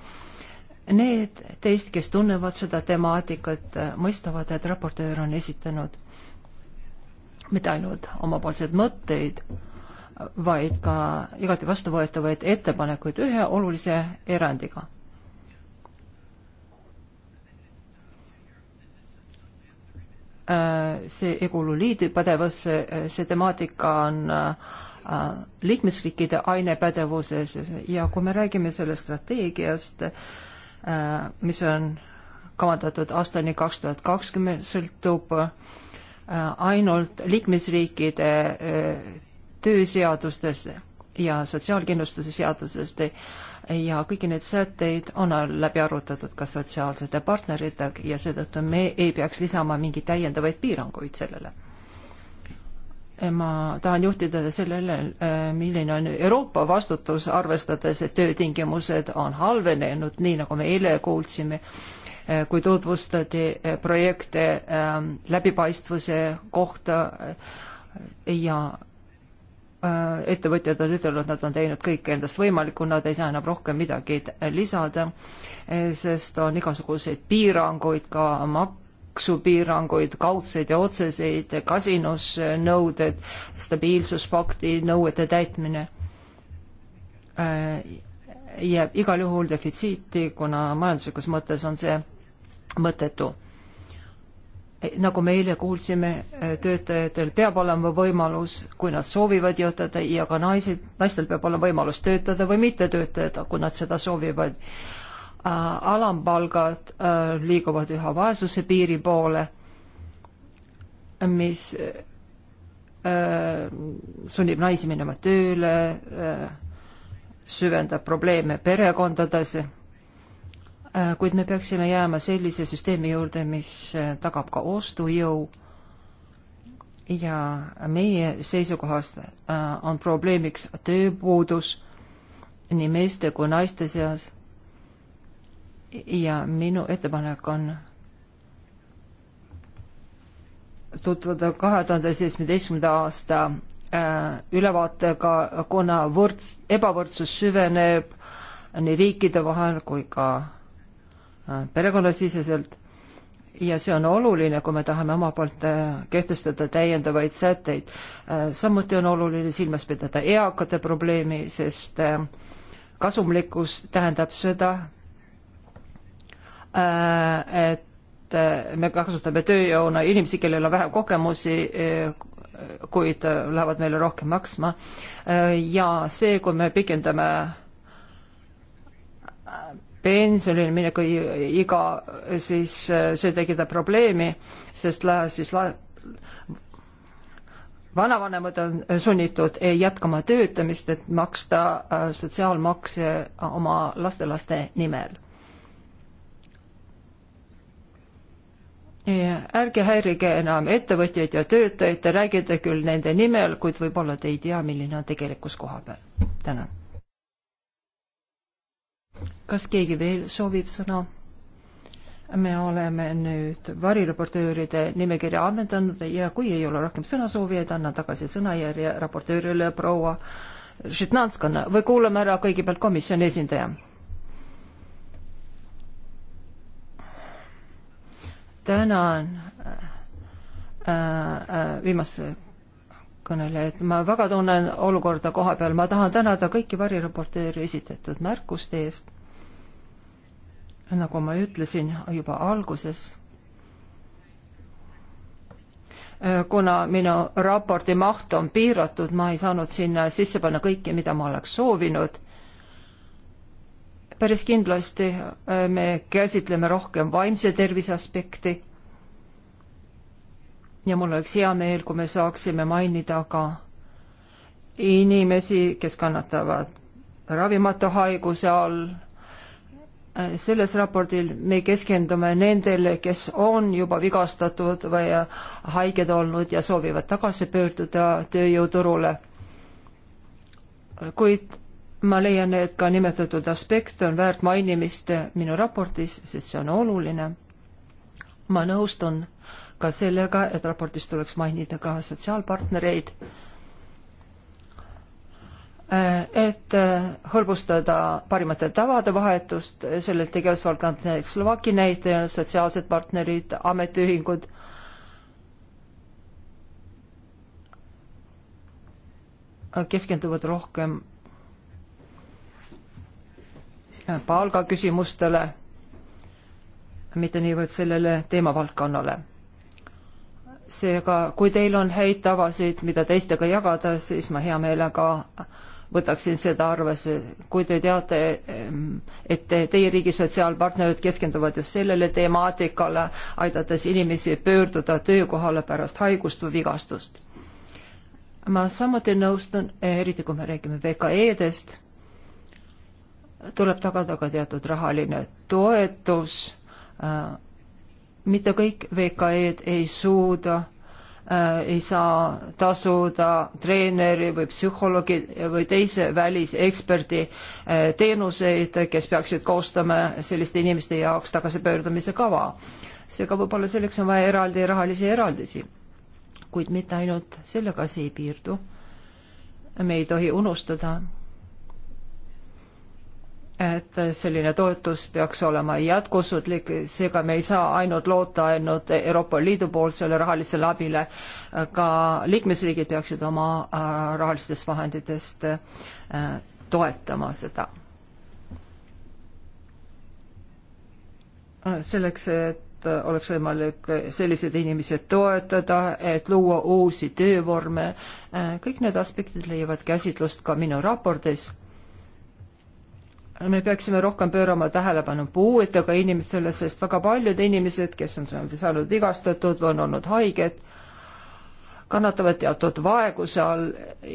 Need teist, kes tunnevad seda temaatikat, äh, mõistavad, et raportöör on esitanud mitte ainult omapoolseid mõtteid, vaid ka igati vastuvõetavaid ettepanekuid ühe olulise erandiga Äh, see ei kuulu liidu pädevusse, see temaatika on äh, liikmesriikide ainepädevuses ja kui me räägime sellest strateegiast, äh, mis on kavandatud aastani kaks tuhat kakskümmend, sõltub ainult liikmesriikide tööseadustest ja sotsiaalkindlustuse seadusest ja kõiki neid sätteid on läbi arutatud ka sotsiaalsete partneritega ja seetõttu me ei peaks lisama mingeid täiendavaid piiranguid sellele. ma tahan juhtida sellele, milline on Euroopa vastutus, arvestades, et töötingimused on halvenenud, nii nagu me eile kuulsime kui tutvustati projekte ähm, läbipaistvuse kohta ja Äh, ettevõtjad on ütelnud, nad on teinud kõik endast võimalikku, nad ei saa enam rohkem midagi lisada, äh, sest on igasuguseid piiranguid, ka maksupiiranguid, kaudseid ja otseseid, kasinusnõuded, stabiilsuspakti nõuete täitmine äh, jääb igal juhul defitsiiti, kuna majanduslikus mõttes on see mõttetu Eh, nagu me eile kuulsime, eh, töötajatel peab olema võimalus, kui nad soovivad jõutada ja ka naised, naistel peab olema võimalus töötada või mitte töötada, kui nad seda soovivad. Ah, alampalgad eh, liiguvad üha vaesuse piiri poole, mis sunnib naisi minema tööle, süvendab probleeme perekondades Äh, kuid me peaksime jääma sellise süsteemi juurde, mis äh, tagab ka ostujõu ja meie seisukohast äh, on probleemiks tööpuudus nii meeste kui naiste seas. ja minu ettepanek on tutvuda kahe tuhande seitsmeteistkümnenda aasta ülevaatega, kuna võrds, ebavõrdsus süveneb nii riikide vahel kui ka Äh, perekonnasiseselt ja see on oluline, kui me tahame oma poolt äh, kehtestada täiendavaid sätteid. Äh, samuti on oluline silmas pidada eakate probleemi, sest kasumlikkus tähendab seda, et me kasutame tööjõuna inimesi, kellel on vähem kogemusi, kuid lähevad meile rohkem maksma. ja see, kui me pikendame pensionile mineku iga, siis äh, see tekitab probleemi, sest lähe, siis la, vanavanemad on sunnitud jätkama töötamist, et maksta äh, sotsiaalmakse oma lastelaste nimel Ja ärge häirige enam ettevõtjaid ja töötajaid, te räägite küll nende nimel, kuid võib-olla te ei tea, milline on tegelikkus koha peal. tänan kas keegi veel soovib sõna? me oleme nüüd varireportööride nimekirja ammendanud ja kui ei ole rohkem sõnasoovijaid, annan tagasi sõnajärje raportöörile proua Žitnanskana või kuulame ära kõigepealt komisjoni esindaja. tänan äh, äh, viimase kõnelejaid, ma väga tunnen olukorda koha peal, ma tahan tänada kõiki varireporteeri esitatud märkuste eest nagu ma ütlesin juba alguses, äh, kuna minu raporti maht on piiratud, ma ei saanud sinna sisse panna kõike, mida ma oleks soovinud. päris kindlasti äh, me käsitleme rohkem vaimse tervise aspekti. ja mul oleks hea meel, kui me saaksime mainida ka inimesi, kes kannatavad ravimatu haiguse all Äh, selles raportil me keskendume nendele, kes on juba vigastatud või haiged olnud ja soovivad tagasi pöörduda tööjõuturule. kuid ma leian, et ka nimetatud aspekt on väärt mainimist minu raportis, sest see on oluline. ma nõustun ka sellega, et raportis tuleks mainida ka sotsiaalpartnereid Äh, et äh, hõlbustada parimate tavade vahetust, sellel tegevusvaldkond näiteks Slovaki näitel, sotsiaalsed partnerid, ametiühingud. keskenduvad rohkem äh, palgaküsimustele, mitte niivõrd sellele teemavaldkonnale seega, kui teil on häid tavasid, mida teistega jagada, siis ma hea meelega võtaksin seda arvesse. kui te teate, et teie riigi sotsiaalpartnerid keskenduvad just sellele temaatikale, aidates inimesi pöörduda töökohale pärast haigust või vigastust. ma samuti nõustun, eriti kui me räägime VKE-dest, tuleb tagada ka teatud rahaline toetus, äh, mitte kõik VKE-d ei suuda Äh, ei saa tasuda treeneri või psühholoogi või teise väliseksperdi äh, teenuseid, kes peaksid koostama selliste inimeste jaoks tagasipöördumise kava. seega võib-olla selleks on vaja eraldi rahalisi eraldisi. kuid mitte ainult sellega asi ei piirdu. me ei tohi unustada et selline toetus peaks olema jätkusuutlik, seega me ei saa ainult loota ainult Euroopa Liidu poolsele rahalisele abile, ka liikmesriigid peaksid oma äh, rahalistest vahenditest äh, toetama seda. selleks, et oleks võimalik selliseid inimesi toetada, et luua uusi töövorme, äh, kõik need aspektid leiavad käsitlust ka minu raportis me peaksime rohkem pöörama tähelepanu puuetega inimestele, sest väga paljud inimesed, kes on saanud vigastatud või on olnud haiged, kannatavad teatud vaeguse all,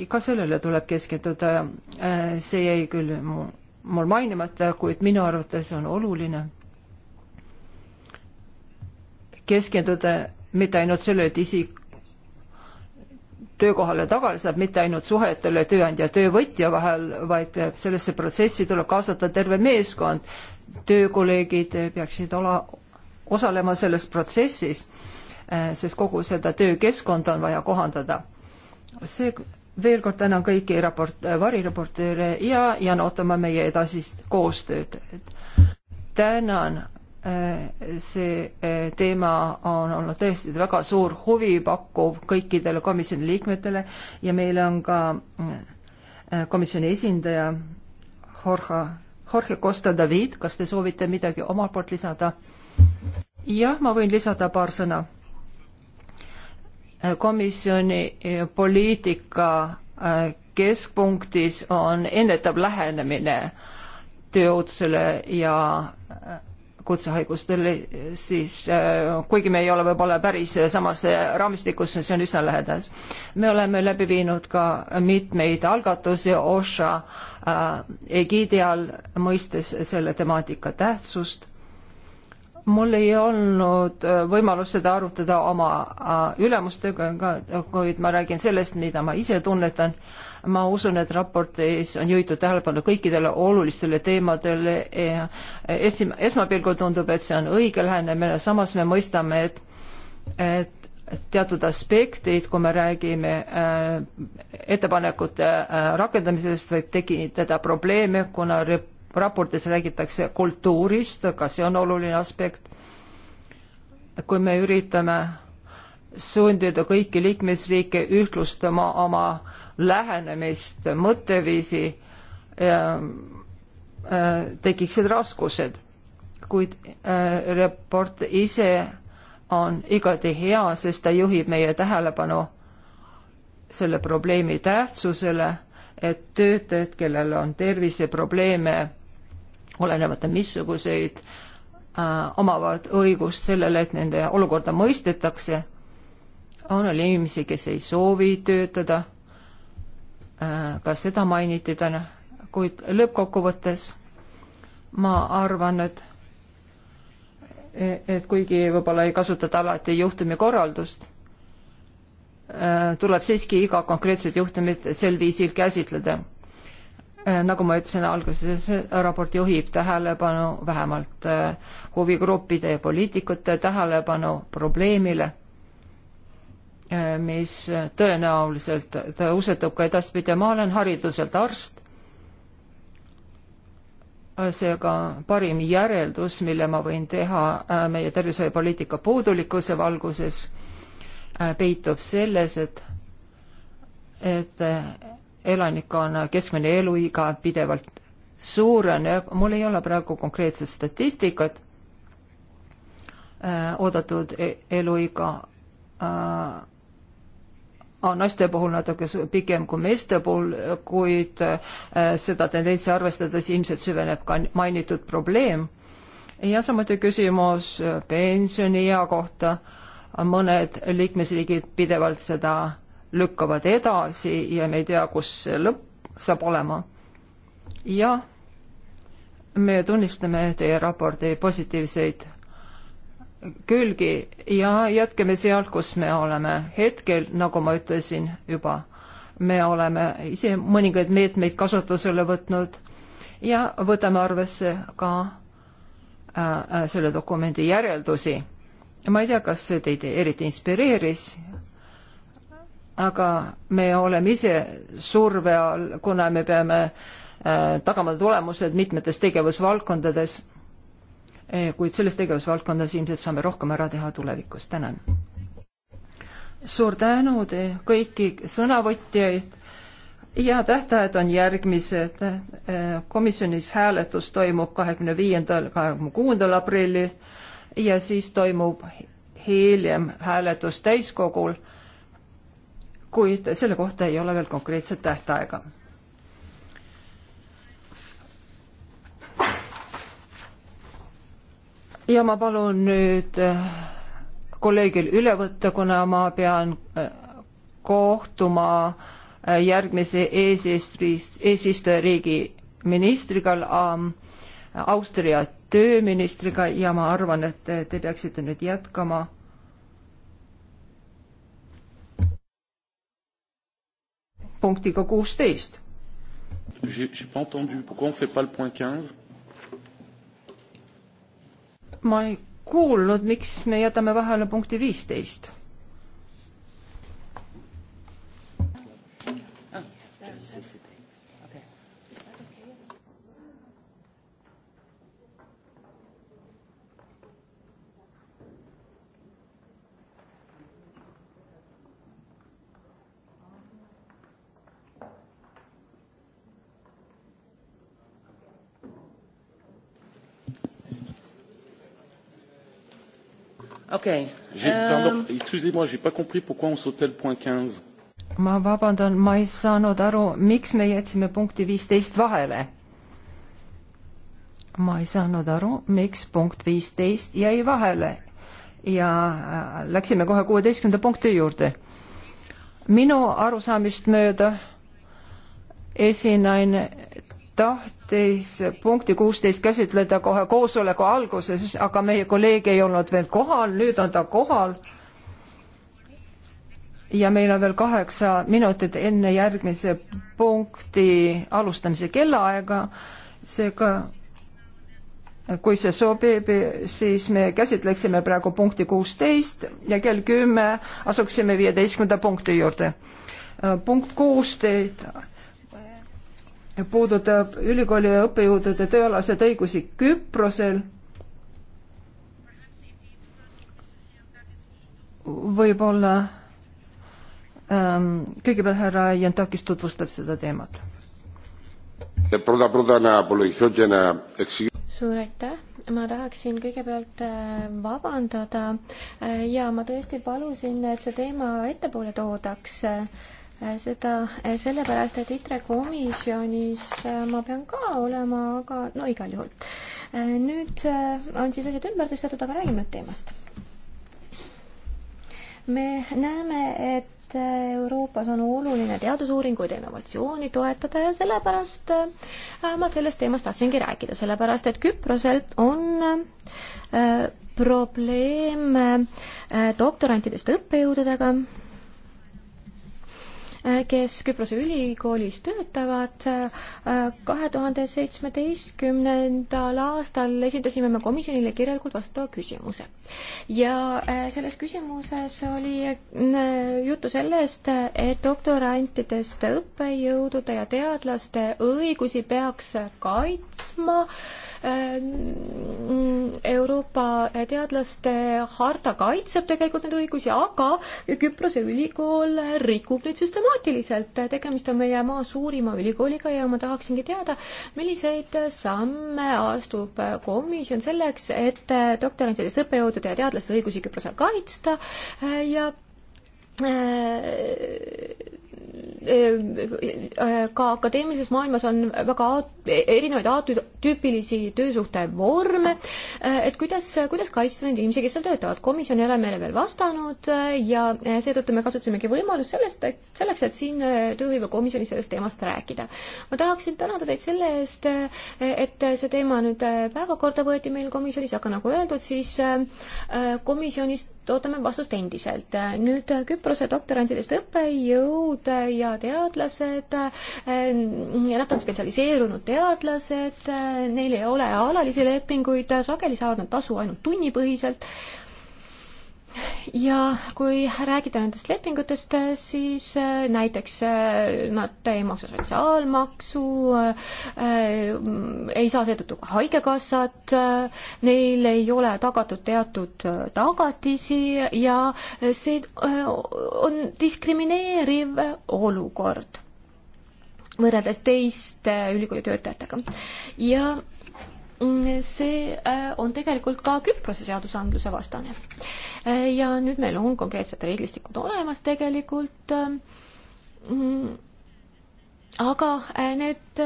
ka sellele tuleb keskenduda. Äh, see jäi küll mul mainimata, kuid minu arvates on oluline keskenduda mitte ainult sellele, et isik töökohale tagasi saab, mitte ainult suhetele tööandja ja töövõtja vahel, vaid sellesse protsessi tuleb kaasata terve meeskond. töökolleegid peaksid ola, osalema selles protsessis, sest kogu seda töökeskkonda on vaja kohandada. see, veel kord tänan kõiki raport, variraportööre ja jään ootama meie edasist koostööd. tänan Äh, see äh, teema on olnud tõesti väga suur huvipakkuv kõikidele komisjoni liikmetele ja meil on ka äh, komisjoni esindaja Jorge, Jorge Costa David, kas te soovite midagi omalt poolt lisada? jah, ma võin lisada paar sõna. komisjoni poliitika keskpunktis on ennetav lähenemine tööohutusele ja kutsehaigustele, siis äh, kuigi me ei ole võib-olla päris samas raamistikus, see on üsna lähedas. me oleme läbi viinud ka mitmeid algatusi OSHA äh, egiidi all, mõistes selle temaatika tähtsust mul ei olnud äh, võimalust seda arutada oma äh, ülemustega, kuid ma räägin sellest, mida ma ise tunnetan. ma usun, et raportis on juhitud tähelepanu kõikidele olulistele teemadele ja äh, esim-, esmapilgul tundub, et see on õige lähenemine, samas me mõistame, et, et teatud aspektid, kui me räägime äh, ettepanekute äh, rakendamisest, võib tekitada probleeme, kuna rep-, raportis räägitakse kultuurist, ka see on oluline aspekt. kui me üritame sundida kõiki liikmesriike ühtlustama oma lähenemist, mõtteviisi, äh, tekiksid raskused. kuid äh, raport ise on igati hea, sest ta juhib meie tähelepanu selle probleemi tähtsusele, et töötajad, kellel on terviseprobleeme, olenemata missuguseid äh, omavad õigust sellele, et nende olukorda mõistetakse. on veel inimesi, kes ei soovi töötada äh,. ka seda mainiti täna, kuid lõppkokkuvõttes ma arvan, et et kuigi võib-olla ei kasutata alati juhtumikorraldust, äh, tuleb siiski iga konkreetset juhtumit sel viisil käsitleda Eh, nagu ma ütlesin alguses, raport juhib tähelepanu vähemalt eh, huvigruppide ja poliitikute tähelepanu probleemile, eh, mis tõenäoliselt tõusetub ka edaspidi. ma olen hariduselt arst, seega parim järeldus, mille ma võin teha meie tervishoiupoliitika puudulikkuse valguses, peitub selles, et et elanikkonna keskmine eluiga pidevalt suureneb, mul ei ole praegu konkreetset statistikat, äh, oodatud e-, eluiga äh, on naiste puhul natuke pikem kui meeste puhul, kuid äh, seda tendentsi arvestades ilmselt süveneb ka mainitud probleem. ja samuti küsimus pensioniea kohta, mõned liikmesriigid pidevalt seda lükkavad edasi ja me ei tea, kus see lõpp saab olema. ja me tunnistame teie raporti positiivseid külgi ja jätkame sealt, kus me oleme hetkel, nagu ma ütlesin juba, me oleme ise mõningaid meetmeid kasutusele võtnud ja võtame arvesse ka äh, äh selle dokumendi järeldusi. ma ei tea, kas see teid eriti inspireeris, aga me oleme ise surve all, kuna me peame äh, tagama tulemused mitmetes tegevusvaldkondades. Äh, kuid selles tegevusvaldkondas ilmselt saame rohkem ära teha tulevikus. tänan. suur tänu te kõiki sõnavõtjaid ja tähtajad on järgmised. Äh, komisjonis hääletus toimub kahekümne viiendal, kahekümne kuuendal aprillil ja siis toimub hiljem hääletus täiskogul kuid selle kohta ei ole veel konkreetset tähtaega. ja ma palun nüüd äh, kolleegil üle võtta, kuna ma pean äh, kohtuma äh, järgmise eesistujariigi ministriga, ähm, Austria tööministriga ja ma arvan, et te peaksite nüüd jätkama punktiga kuusteist. ma ei kuulnud, miks me jätame vahele punkti viisteist okei okay.. Euh, excusez-moi, j'ai pas compris pourquoi on sautait le point quinze. ma vabandan, ma ei saanud aru, miks me jätsime punkti viisteist vahele. ma ei saanud aru, miks punkt viisteist jäi vahele ja äh, läksime kohe kuueteistkümnenda punkti juurde. minu arusaamist mööda esinaine tahtis punkti kuusteist käsitleda kohe koosoleku alguses, aga meie kolleeg ei olnud veel kohal, nüüd on ta kohal. ja meil on veel kaheksa minutit enne järgmise punkti alustamise kellaaega, seega kui see sobib, siis me käsitleksime praegu punkti kuusteist ja kell kümme asuksime viieteistkümnenda punkti juurde. punkt kuusteist puudutab ülikooli õppejõudude tööalaseid õigusi Küprosel. võib-olla ähm, kõigepealt härra Jantakis tutvustab seda teemat. suur aitäh ma tahaksin kõigepealt äh, vabandada äh, ja ma tõesti palusin, et see teema ettepoole toodaks Äh, seda äh, sellepärast, et ITRE komisjonis äh, ma pean ka olema, aga no igal juhul. nüüd on siis asjad ümber tõstetud, aga räägime nüüd teemast. me näeme, et Euroopas on oluline teadusuuringuid ja innovatsiooni toetada ja sellepärast ma sellest teemast tahtsingi rääkida, sellepärast et Küprosel on probleem doktorantidest õppejõududega Äh, kes Küprose ülikoolis töötavad. Äh, kahe tuhande seitsmeteistkümnendal aastal esitasime me komisjonile kirjalikult vastava küsimuse. ja äh, selles küsimuses oli juttu sellest, et doktorantidest õppejõudude ja teadlaste õigusi peaks kaitsma Äh, Euroopa teadlaste harta kaitseb tegelikult neid õigusi, aga Küprose ülikool rikub neid süstemaatiliselt. tegemist on meie maa suurima ülikooliga ja ma tahaksingi teada, milliseid samme astub komisjon selleks, et doktorantidest õppejõudude ja teadlaste õigusi Küprosel kaitsta äh, ja äh, ka akadeemilises maailmas on väga erinevaid atüüpilisi töösuhte vorme, et kuidas, kuidas kaitsta neid inimesi, kes seal töötavad. komisjon ei ole meile veel vastanud ja seetõttu me kasutasimegi võimalust sellest, et selleks, et siin tööhõivekomisjonis sellest teemast rääkida. ma tahaksin tänada teid selle eest, et see teema nüüd päevakorda võeti meil komisjonis, aga nagu öeldud, siis komisjonist ootame vastust endiselt. nüüd Küprose doktorantidest õppejõud ja teadlased, eh, nad on spetsialiseerunud teadlased, eh, neil ei ole alalisi lepinguid, sageli saavad nad tasu ainult tunnipõhiselt ja kui rääkida nendest lepingutest, siis äh, näiteks äh, nad ei maksa sotsiaalmaksu, äh, ei saa seetõttu ka haigekassat, neil ei ole tagatud teatud tagatisi ja see on diskrimineeriv olukord võrreldes teiste ülikooli töötajatega. ja see äh, on tegelikult ka Küprose seadusandluse vastane. Äh, ja nüüd meil on konkreetsed reeglistikud olemas tegelikult, äh, mm, aga need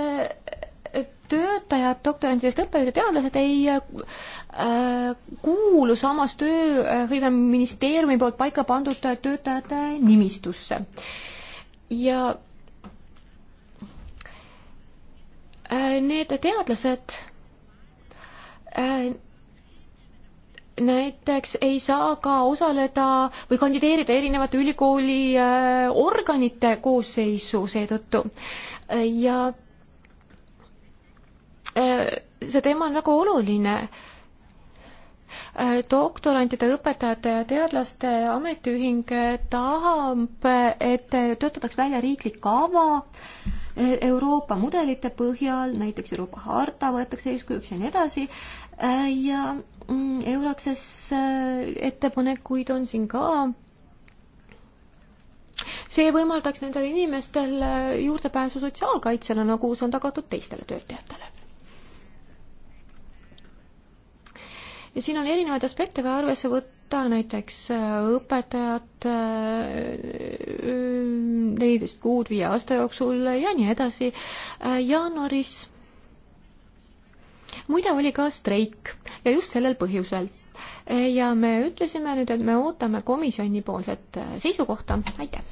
töötajad, doktorantidest õppejõud ja teadlased ei äh, kuulu samas tööhõiveministeeriumi poolt paika pandud töötajate nimistusse. ja äh, need teadlased Äh, näiteks ei saa ka osaleda või kandideerida erinevate ülikooli äh, organite koosseisu seetõttu äh, ja see teema on väga oluline doktorantide, õpetajate ja teadlaste ametiühing tahab, et töötataks välja riiklik kava Euroopa mudelite põhjal, näiteks Euroopa harta võetakse eeskujuks ja nii edasi, Äh, ja mm, Euraxes äh, ettepanekuid on siin ka. see võimaldaks nendel inimestel äh, juurdepääsu sotsiaalkaitsele, nagu see on tagatud teistele töötajatele. ja siin on erinevaid aspekte vaja arvesse võtta, näiteks õpetajad neliteist kuud viie aasta jooksul ja nii edasi. jaanuaris muide, oli ka streik ja just sellel põhjusel. ja me ütlesime nüüd, et me ootame komisjonipoolset äh, seisukohta, aitäh.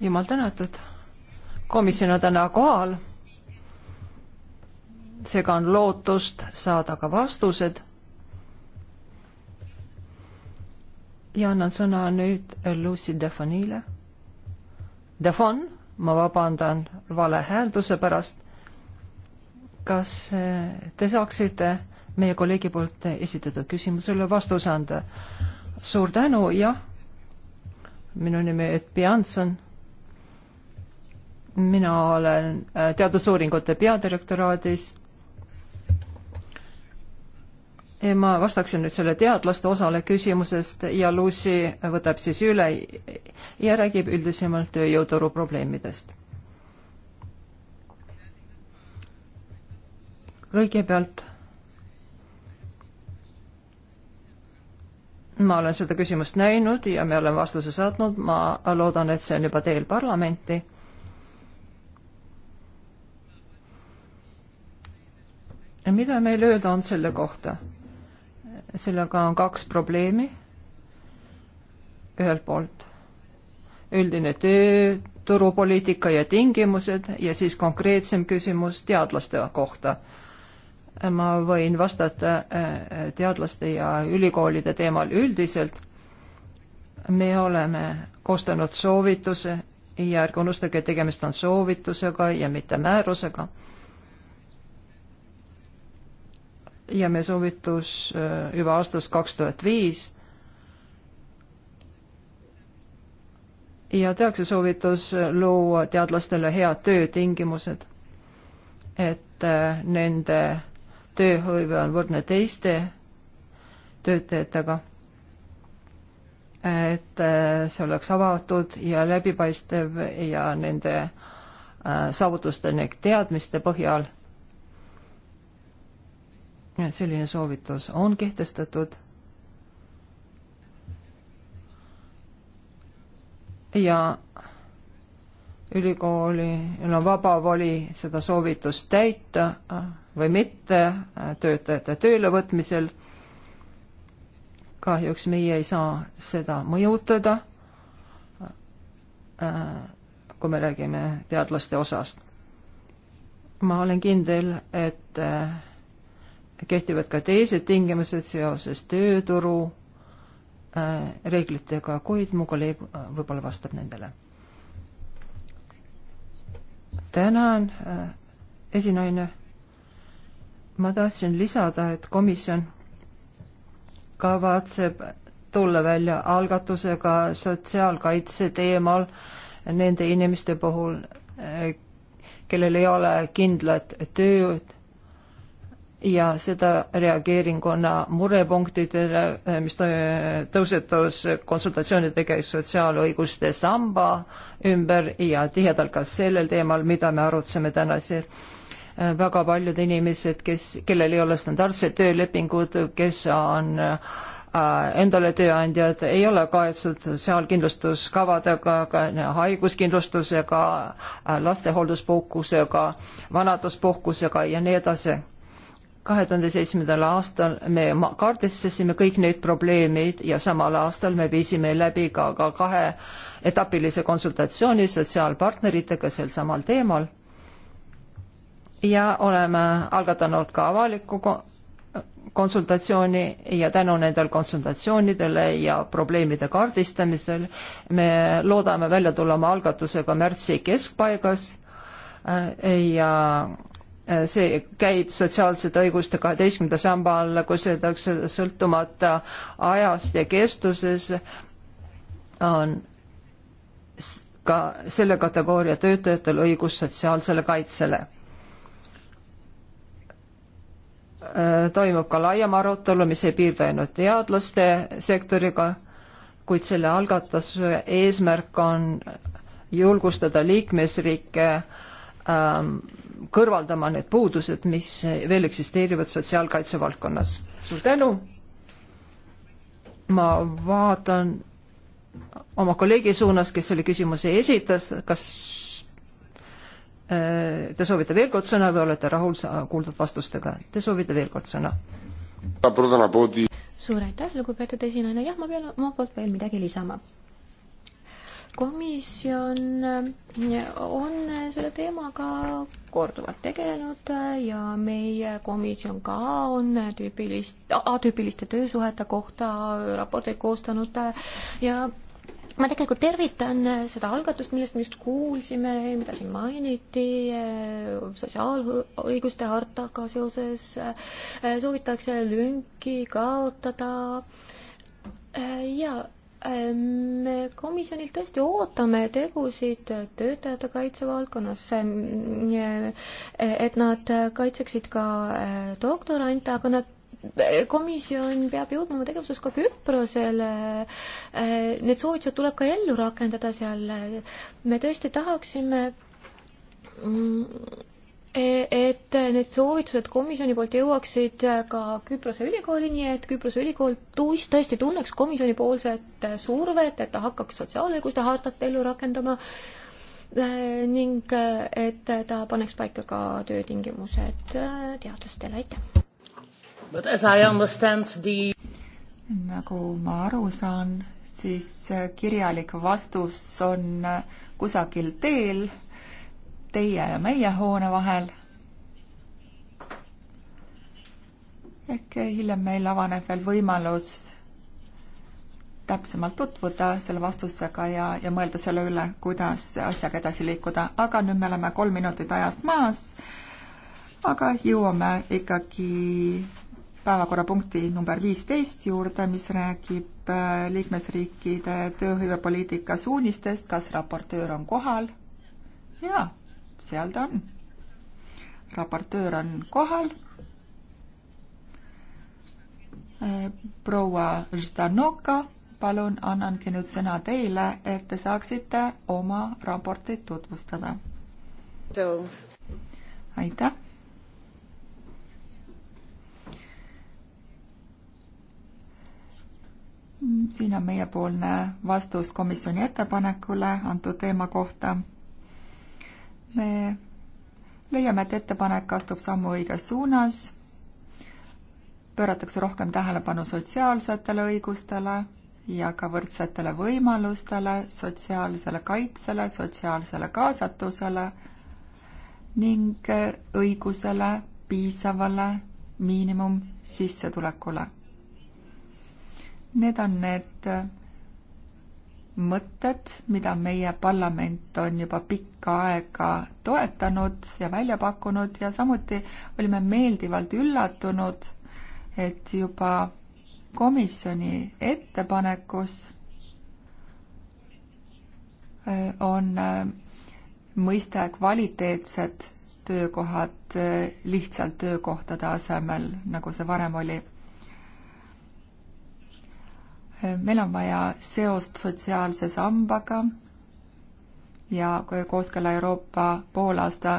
jumal tänatud, komisjon on täna kohal. seega on lootust saada ka vastused ja annan sõna nüüd Lucy Defonile. Defon? ma vabandan vale häälduse pärast. kas eh, te saaksite meie kolleegi poolt esitatud küsimusele vastuse anda? suur tänu, jah. minu nimi on Ed Jansson. mina olen eh, teadusuuringute peadirektoraadis Eh, ma vastaksin nüüd selle teadlaste osale küsimusest ja Lucy võtab siis üle ja räägib üldisemalt tööjõuturu probleemidest. kõigepealt ma olen seda küsimust näinud ja me oleme vastuse saatnud, ma loodan, et see on juba teel parlamenti mida meil öelda on selle kohta? sellega on kaks probleemi. ühelt poolt üldine tööturupoliitika ja tingimused ja siis konkreetsem küsimus teadlaste kohta. ma võin vastata äh, teadlaste ja ülikoolide teemal üldiselt. me oleme koostanud soovituse ja ärge unustage, tegemist on soovitusega ja mitte määrusega ja meie soovitus äh, juba aastast kaks tuhat viis. ja tehakse soovitus luua teadlastele head töötingimused, et äh, nende tööhõive on võrdne teiste töötajatega. et äh, see oleks avatud ja läbipaistev ja nende saavutuste ning teadmiste põhjal selline soovitus on kehtestatud ja ülikoolil on vaba voli seda soovitust täita või mitte töötajate töölevõtmisel. kahjuks meie ei saa seda mõjutada, kui me räägime teadlaste osast. ma olen kindel, et kehtivad ka teised tingimused seoses tööturu äh, reeglitega, kuid mu kolleeg äh, võib-olla vastab nendele. tänan äh,, esinaine. ma tahtsin lisada, et komisjon kavatseb tulla välja algatusega sotsiaalkaitse teemal nende inimeste puhul äh,, kellel ei ole kindlat tööd ja seda reageeringuna murepunktidele, eh, mis tõusetus konsultatsioonide käigus sotsiaalõiguste samba ümber ja tihedalt ka sellel teemal, mida me arutasime täna siin eh, väga paljud inimesed, kes, kellel ei ole standardset töölepingut, kes on eh, endale tööandjad, ei ole kaetud sotsiaalkindlustuskavadega, ka haiguskindlustusega, lastehoolduspuhkusega, vanaduspuhkusega ja nii edasi kahe tuhande seitsmendal aastal me kaardistasime kõik need probleemid ja samal aastal me viisime läbi ka, ka kaheetapilise konsultatsiooni sotsiaalpartneritega sel samal teemal. ja oleme algatanud ka avaliku konsultatsiooni ja tänu nendel konsultatsioonidele ja probleemide kaardistamisel me loodame välja tulla oma algatusega märtsi keskpaigas äh, ja Äh, see käib sotsiaalsete õiguste kaheteistkümnenda samba alla, kus öeldakse, sõltumata ajast ja kestuses on ka selle kategooria töötajatel õigus sotsiaalsele kaitsele. Äh, toimub ka laiem arutelu, mis ei piirdu ainult teadlaste sektoriga, kuid selle algatuse eesmärk on julgustada liikmesriike ähm, kõrvaldama need puudused, mis veel eksisteerivad sotsiaalkaitse valdkonnas. suur tänu. ma vaatan oma kolleegi suunas, kes selle küsimuse esitas, kas äh, te soovite veel kord sõna või olete rahul kuuldud vastustega? Te soovite veel kord sõna? suur aitäh, lugupeetud esinaine, jah, ma pean omalt poolt veel midagi lisama komisjon äh, on selle teemaga korduvalt tegelenud äh, ja meie komisjon ka on tüüpilist, atüüpiliste töösuhete kohta raporteid koostanud äh, ja ma tegelikult tervitan seda algatust, millest me just kuulsime, mida siin mainiti, sotsiaalõiguste hartaga seoses soovitakse lünki kaotada ja Ehm, me komisjonilt tõesti ootame tegusid töötajate kaitse valdkonnas, eh, et nad kaitseksid ka eh, doktorante, aga nad eh, komisjon peab jõudma oma tegevuses ka Küprosele. Need soovitused tuleb ka ellu rakendada seal. me tõesti tahaksime mm, E, et need soovitused komisjoni poolt jõuaksid ka Küprose ülikoolini, et Küprose ülikool tuis, tõesti tunneks komisjoni poolset survet, et ta hakkaks sotsiaalõiguste hartat ellu rakendama e, ning et ta paneks paika ka töötingimused teadlastele, aitäh! The... nagu ma aru saan, siis kirjalik vastus on kusagil teel teie ja meie hoone vahel. ehk hiljem meil avaneb veel võimalus täpsemalt tutvuda selle vastusega ja, ja mõelda selle üle, kuidas asjaga edasi liikuda, aga nüüd me oleme kolm minutit ajast maas. aga jõuame ikkagi päevakorrapunkti number viisteist juurde, mis räägib äh, liikmesriikide tööhõivepoliitika suunistest. kas raportöör on kohal? jaa seal ta on. raportöör on kohal. Äh, proua Ždanoka, palun annangi nüüd sõna teile, et te saaksite oma raportit tutvustada. aitäh. siin on meiepoolne vastus komisjoni ettepanekule antud teema kohta me leiame, et ettepanek astub sammu õiges suunas, pööratakse rohkem tähelepanu sotsiaalsetele õigustele ja ka võrdsetele võimalustele, sotsiaalsele kaitsele, sotsiaalsele kaasatusele ning õigusele piisavale miinimumsissetulekule. Need on need mõtted, mida meie parlament on juba pikka aega toetanud ja välja pakkunud ja samuti olime meeldivalt üllatunud, et juba komisjoni ettepanekus äh, on äh, mõiste kvaliteetsed töökohad lihtsalt töökohtade asemel, nagu see varem oli meil on vaja seost sotsiaalse sambaga ja kooskõla Euroopa poolaasta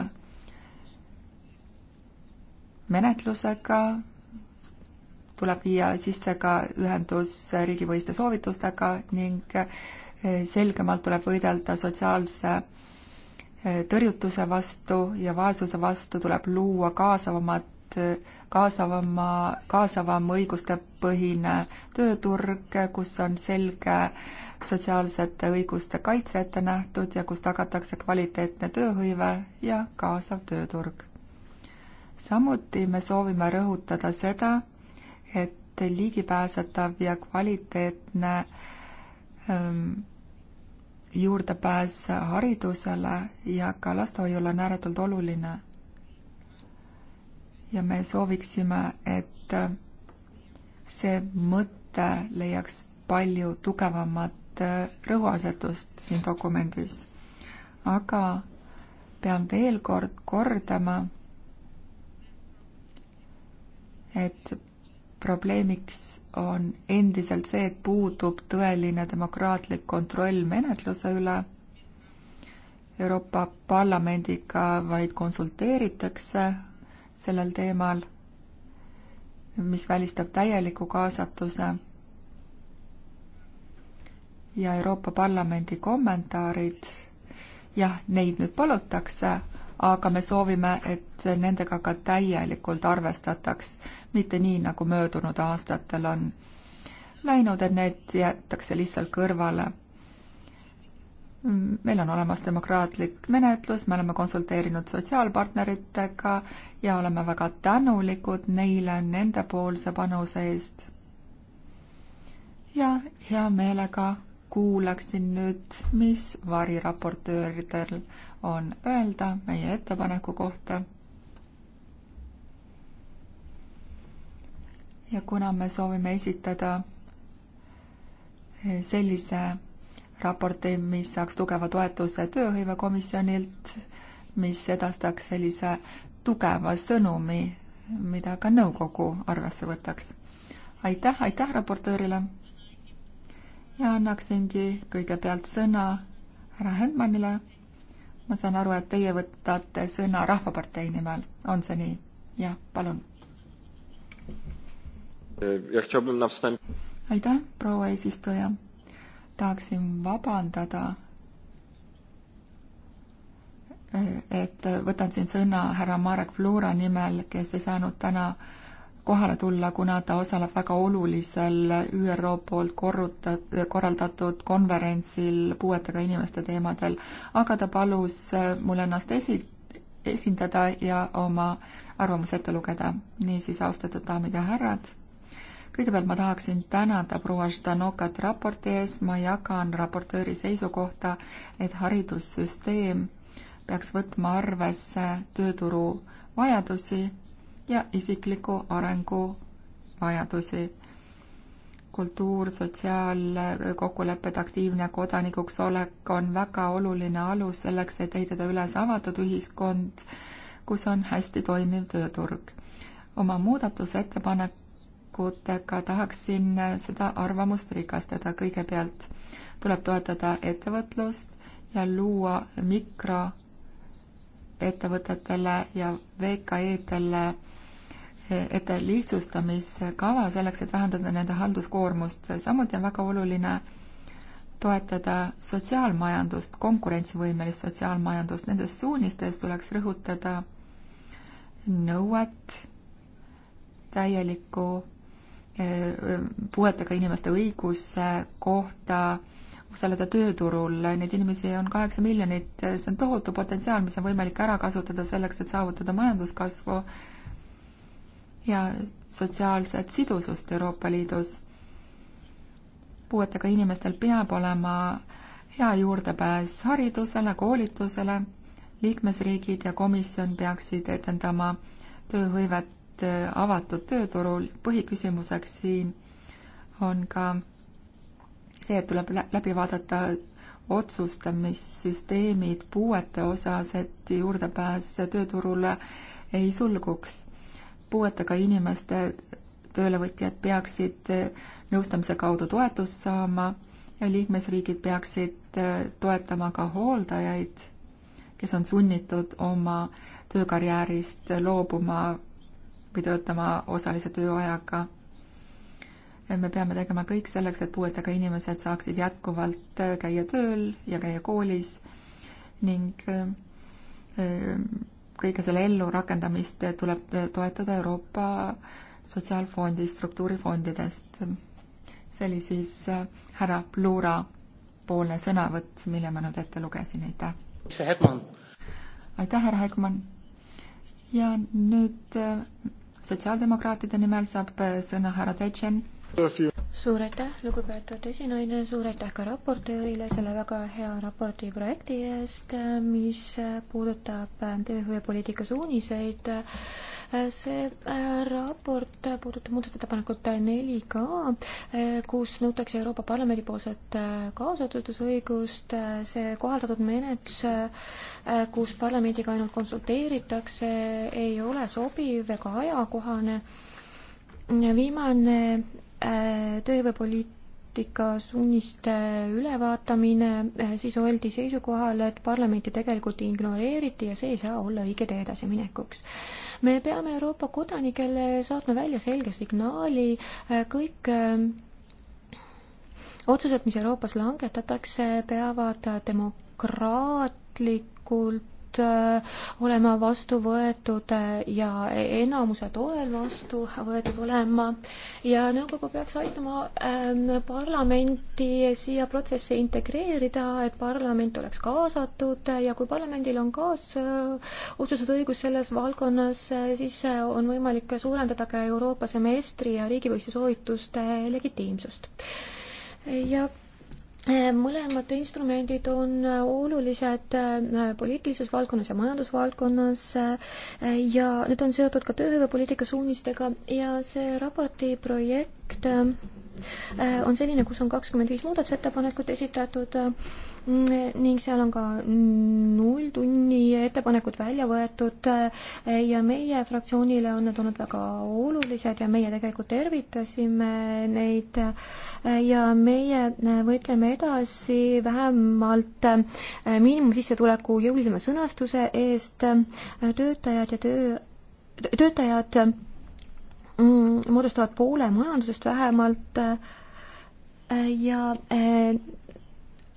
menetlusega tuleb viia sisse ka ühendus riigipõhiste soovitustega ning eh, selgemalt tuleb võidelda sotsiaalse eh, tõrjutuse vastu ja vaesuse vastu, tuleb luua kaasavamad eh, kaasavama, kaasavam õigustepõhine tööturg, kus on selge sotsiaalsete õiguste kaitse ette nähtud ja kus tagatakse kvaliteetne tööhõive ja kaasav tööturg. samuti me soovime rõhutada seda, et ligipääsetav ja kvaliteetne ähm, juurdepääs haridusele ja ka lastehoiule on ääretult oluline ja me sooviksime, et see mõte leiaks palju tugevamat rõhuasetust siin dokumendis. aga pean veel kord kordama, et probleemiks on endiselt see, et puudub tõeline demokraatlik kontroll menetluse üle. Euroopa Parlamendiga vaid konsulteeritakse sellel teemal, mis välistab täieliku kaasatuse ja Euroopa Parlamendi kommentaarid, jah, neid nüüd palutakse, aga me soovime, et nendega ka täielikult arvestataks, mitte nii, nagu möödunud aastatel on läinud, et need jäetakse lihtsalt kõrvale meil on olemas demokraatlik menetlus, me oleme konsulteerinud sotsiaalpartneritega ja oleme väga tänulikud neile nendepoolse panuse eest. ja hea meelega kuulaksin nüüd, mis variraportööridel on öelda meie ettepaneku kohta. ja kuna me soovime esitada sellise raporti, mis saaks tugeva toetuse tööhõivekomisjonilt, mis edastaks sellise tugeva sõnumi, mida ka nõukogu arvesse võtaks. aitäh, aitäh raportöörile! ja annaksingi kõigepealt sõna härra Hendmanile. ma saan aru, et teie võtate sõna Rahvapartei nimel, on see nii? jah, palun. aitäh, proua eesistuja tahaksin vabandada, et võtan siin sõna härra Marek Flura nimel, kes ei saanud täna kohale tulla, kuna ta osaleb väga olulisel ÜRO poolt korrutat-, korraldatud konverentsil puuetega inimeste teemadel, aga ta palus mul ennast esi-, esindada ja oma arvamuse ette lugeda. niisiis, austatud daamid ja härrad kõigepealt ma tahaksin tänada proua Ždanokat raporti ees, ma jagan raportööri seisukohta, et haridussüsteem peaks võtma arvesse tööturu vajadusi ja isikliku arengu vajadusi. kultuur, sotsiaalkokkulepped, aktiivne kodanikuks olek on väga oluline alus selleks, et ehitada üles avatud ühiskond, kus on hästi toimiv tööturg. oma muudatusettepanek ettepanekutega tahaksin seda arvamust rikastada. kõigepealt tuleb toetada ettevõtlust ja luua mikroettevõtetele ja VKE-dele ette lihtsustamiskava selleks, et vähendada nende halduskoormust. samuti on väga oluline toetada sotsiaalmajandust, konkurentsivõimelist sotsiaalmajandust. Nendes suunistes tuleks rõhutada nõuet täielikku puuetega inimeste õiguse kohta osaleda tööturul, neid inimesi on kaheksa miljonit, see on tohutu potentsiaal, mis on võimalik ära kasutada selleks, et saavutada majanduskasvu ja sotsiaalset sidusust Euroopa Liidus. puuetega inimestel peab olema hea juurdepääs haridusele, koolitusele, liikmesriigid ja komisjon peaksid edendama tööhõivet võrdselt äh, avatud tööturul. põhiküsimuseks siin on ka see, et tuleb läbi vaadata otsustamissüsteemid puuete osas, et juurdepääs tööturule ei sulguks. puuetega inimeste töölevõtjad peaksid äh, nõustamise kaudu toetust saama ja liikmesriigid peaksid äh, toetama ka hooldajaid, kes on sunnitud oma töökarjäärist loobuma või töötama osalise tööajaga. me peame tegema kõik selleks, et puuetega inimesed saaksid jätkuvalt äh, käia tööl ja käia koolis ning äh, äh, kõige selle ellurakendamist tuleb toetada Euroopa Sotsiaalfondist, struktuurifondidest. see oli siis härra Plura poolne sõnavõtt, mille ma nüüd ette lugesin, aitäh. aitäh, härra Hegman. ja nüüd sotsiaaldemokraatide nimel saab äh, sõna härra Tetšen. suur aitäh, lugupeetud esinaine, suur aitäh ka raportöörile selle väga hea raporti projekti eest, mis puudutab äh, tervishoiupoliitika suuniseid äh, see äh, raport puudutab muudatusettepanekut neli ka, äh, kus nõutakse Euroopa Parlamendi poolset äh, kaasotsustusõigust, see kohaldatud menetlus, kus parlamendiga ainult konsulteeritakse, ei ole sobiv ega ajakohane. viimane tööhõivepoliit-, praktika suuniste ülevaatamine, eh, siis oldi seisukohal, et parlamenti tegelikult ignoreeriti ja see ei saa olla õige tee edasiminekuks. me peame Euroopa kodanikele saatma välja selge signaali, eh, kõik eh, otsused, mis Euroopas langetatakse, peavad demokraatlikult pidanud äh, olema vastu võetud äh, ja enamuse toel vastu võetud olema ja nõukogu peaks aitama ähm, parlamenti siia protsessi integreerida, et parlament oleks kaasatud äh, ja kui parlamendil on kaasotsustusõigus selles valdkonnas, siis on võimalik suurendada ka Euroopa semestri ja riigipõhiste soovituste legitiimsust. ja Äh, mõlemad instrumendid on äh, olulised äh, poliitilises valdkonnas ja majandusvaldkonnas ja need on seotud ka tööhõivepoliitika suunistega ja see raporti projekt on selline, kus on kakskümmend viis muudatusettepanekut esitatud ning seal on ka nulltunni ettepanekud välja võetud eh, ja meie fraktsioonile on need olnud väga olulised ja meie tegelikult tervitasime neid eh, ja meie eh, võitleme edasi vähemalt miinimumsissetuleku jõulisema sõnastuse eest töötajad ja töö, töötajad mm, moodustavad poole majandusest vähemalt ja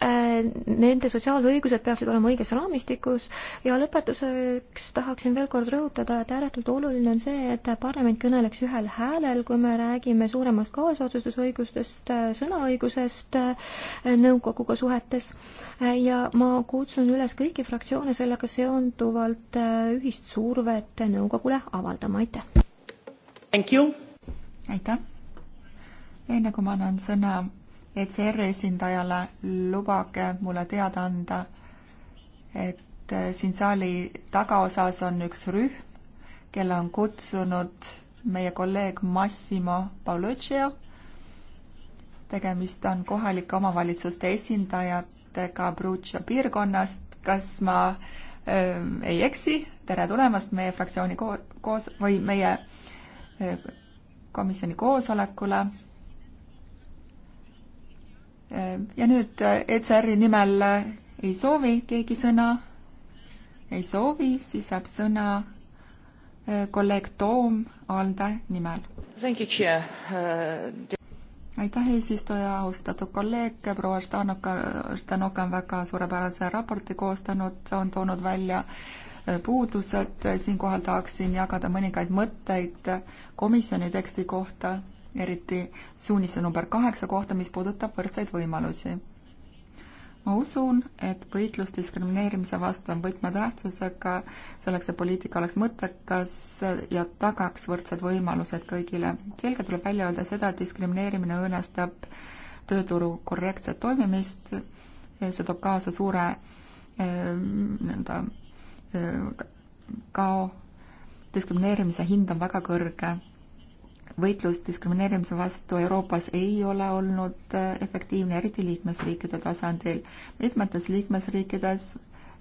Äh, nende sotsiaalõigused peaksid olema õiges raamistikus ja lõpetuseks tahaksin veel kord rõhutada, et ääretult oluline on see, et parlament kõneleks ühel häälel, kui me räägime suuremast kaasotsustusõigustest, äh, sõnaõigusest äh, nõukoguga suhetes ja ma kutsun üles kõiki fraktsioone sellega seonduvalt ühist survet nõukogule avaldama, aitäh! aitäh! enne kui ma annan sõna ECR-i esindajale, lubage mulle teada anda, et äh, siin saali tagaosas on üks rühm, kelle on kutsunud meie kolleeg Massimo Pauluccio. tegemist on kohalike omavalitsuste esindajatega Brucia piirkonnast. kas ma äh, ei eksi? tere tulemast meie fraktsiooni koos, koos või meie äh, komisjoni koosolekule Äh, ja nüüd äh, ECR-i nimel äh, ei soovi keegi sõna? ei soovi, siis saab sõna kolleeg Toom Alde nimel. aitäh, eesistuja, austatud kolleeg, proua Štanoka, Štanoka on väga suurepärase raporti koostanud, on toonud välja puudused, siinkohal tahaksin jagada mõningaid mõtteid komisjoni teksti kohta eriti suunise number kaheksa kohta, mis puudutab võrdseid võimalusi. ma usun, et võitlus diskrimineerimise vastu on võtmetähtsusega selleks, et poliitika oleks mõttekas ja tagaks võrdsed võimalused kõigile. selgelt tuleb välja öelda seda, et diskrimineerimine õõnestab tööturu korrektset toimimist, see toob kaasa suure eh, nii-öelda eh, kao, diskrimineerimise hind on väga kõrge võitlus diskrimineerimise vastu Euroopas ei ole olnud äh, efektiivne, eriti liikmesriikide tasandil. mitmetes liikmesriikides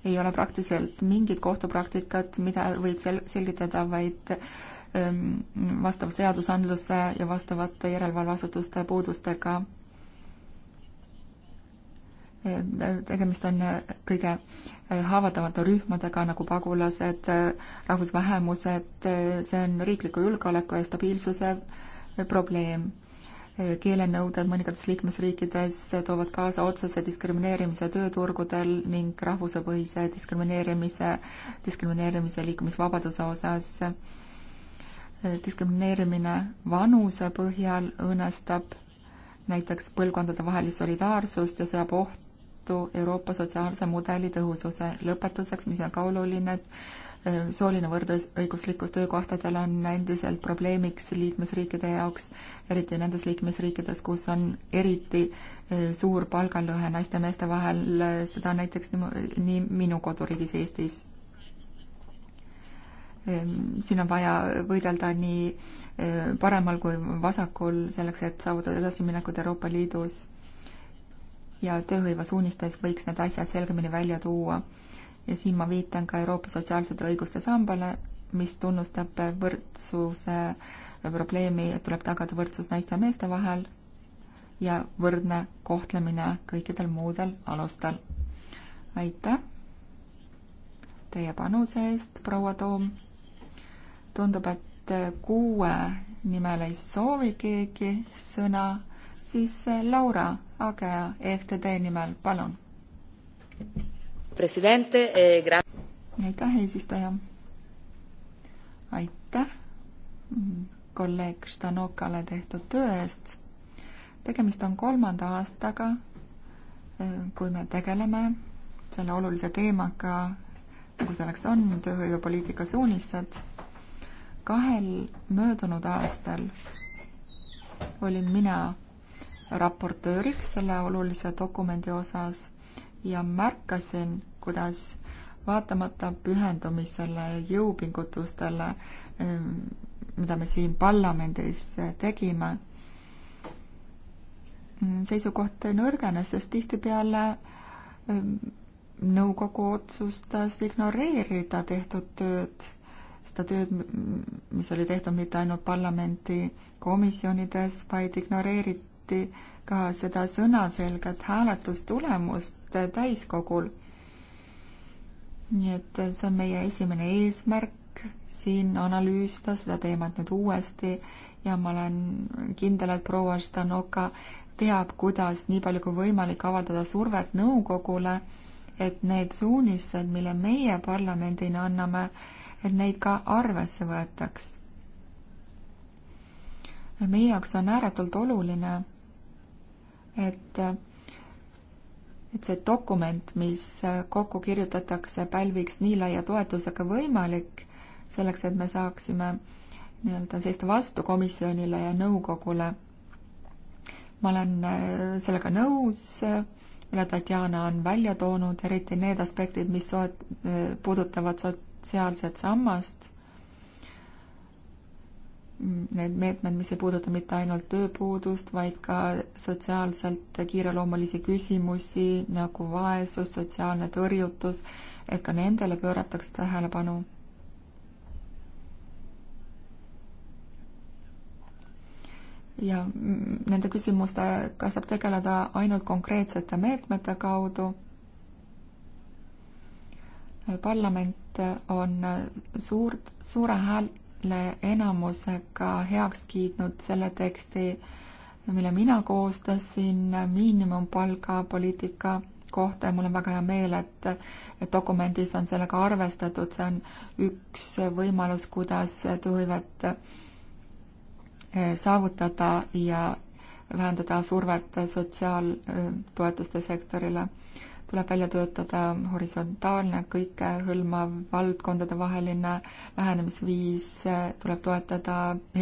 ei ole praktiliselt mingit kohtupraktikat, mida võib sel-, selgitada vaid ähm, vastav seadusandluse ja vastavate järelevalveasutuste puudustega tegemist on kõige äh, haavatavate rühmadega nagu pagulased, äh, rahvusvähemused, äh, see on riikliku julgeoleku ja stabiilsuse probleem. keelenõuded mõningates liikmesriikides toovad kaasa otsese diskrimineerimise tööturgudel ning rahvusepõhise diskrimineerimise, diskrimineerimise liikumisvabaduse osas. diskrimineerimine vanuse põhjal õõnestab näiteks põlvkondadevahelist solidaarsust ja seab ohtu vastu Euroopa sotsiaalse mudeli tõhususe. lõpetuseks, mis on ka oluline, et äh, sooline võrdõiguslikkus töökohtadel on endiselt probleemiks liikmesriikide jaoks, eriti nendes liikmesriikides, kus on eriti äh, suur palgalõhe naiste ja meeste vahel, äh, seda näiteks nii minu koduriigis Eestis ehm, siin on vaja võidelda nii paremal kui vasakul selleks, et saavutada edasiminekut Euroopa Liidus ja tööhõivesuunistes võiks need asjad selgemini välja tuua. ja siin ma viitan ka Euroopa sotsiaalsete õiguste sambale, mis tunnustab võrdsuse probleemi, et tuleb tagada võrdsus naiste ja meeste vahel ja võrdne kohtlemine kõikidel muudel alustel. aitäh teie panuse eest, proua Toom. tundub, et kuue nimel ei soovi keegi sõna, siis Laura Agea EFTD nimel, palun. president eh,. aitäh, eesistuja. aitäh mm, kolleeg Štanokale tehtud töö eest. tegemist on kolmanda aastaga, eh, kui me tegeleme selle olulise teemaga, nagu selleks on tööhõivepoliitika suunised. kahel möödunud aastal olin mina raportööriks selle olulise dokumendi osas ja märkasin, kuidas vaatamata pühendumisele ja jõupingutustele, ehm, mida me siin parlamendis tegime, mm, seisukoht nõrgenes, sest tihtipeale ehm, nõukogu otsustas ignoreerida tehtud tööd, seda tööd, mis oli tehtud mitte ainult parlamendi komisjonides, vaid ignoreeriti oodati ka seda sõnaselget hääletustulemust täiskogul. nii et see on meie esimene eesmärk siin analüüsida seda teemat nüüd uuesti ja ma olen kindel, et proua Stanoka teab, kuidas nii palju kui võimalik avaldada survet nõukogule, et need suunised, mille meie parlamendina anname, et neid ka arvesse võetaks. meie jaoks on ääretult oluline et, et see dokument, mis kokku kirjutatakse, pälviks nii laia toetuse kui võimalik, selleks et me saaksime nii-öelda seista vastu komisjonile ja nõukogule. ma olen äh, sellega nõus, mille Tatjana on välja toonud, eriti need aspektid, mis soot-, puudutavad sotsiaalset sammast need meetmed, mis ei puuduta mitte ainult tööpuudust, vaid ka sotsiaalselt kiireloomulisi küsimusi nagu vaesus, sotsiaalne tõrjutus, et ka nendele pööratakse tähelepanu. ja nende küsimustega saab tegeleda ainult konkreetsete meetmete kaudu parlament on suurt, suure hääl, enamusega heaks kiitnud selle teksti, mille mina koostasin miinimumpalga poliitika kohta ja mul on väga hea meel, et, et dokumendis on sellega arvestatud, see on üks võimalus, kuidas tööhõivet eh, saavutada ja vähendada survet sotsiaaltoetuste sektorile tuleb välja töötada horisontaalne, kõikehõlmav, valdkondadevaheline lähenemisviis, tuleb toetada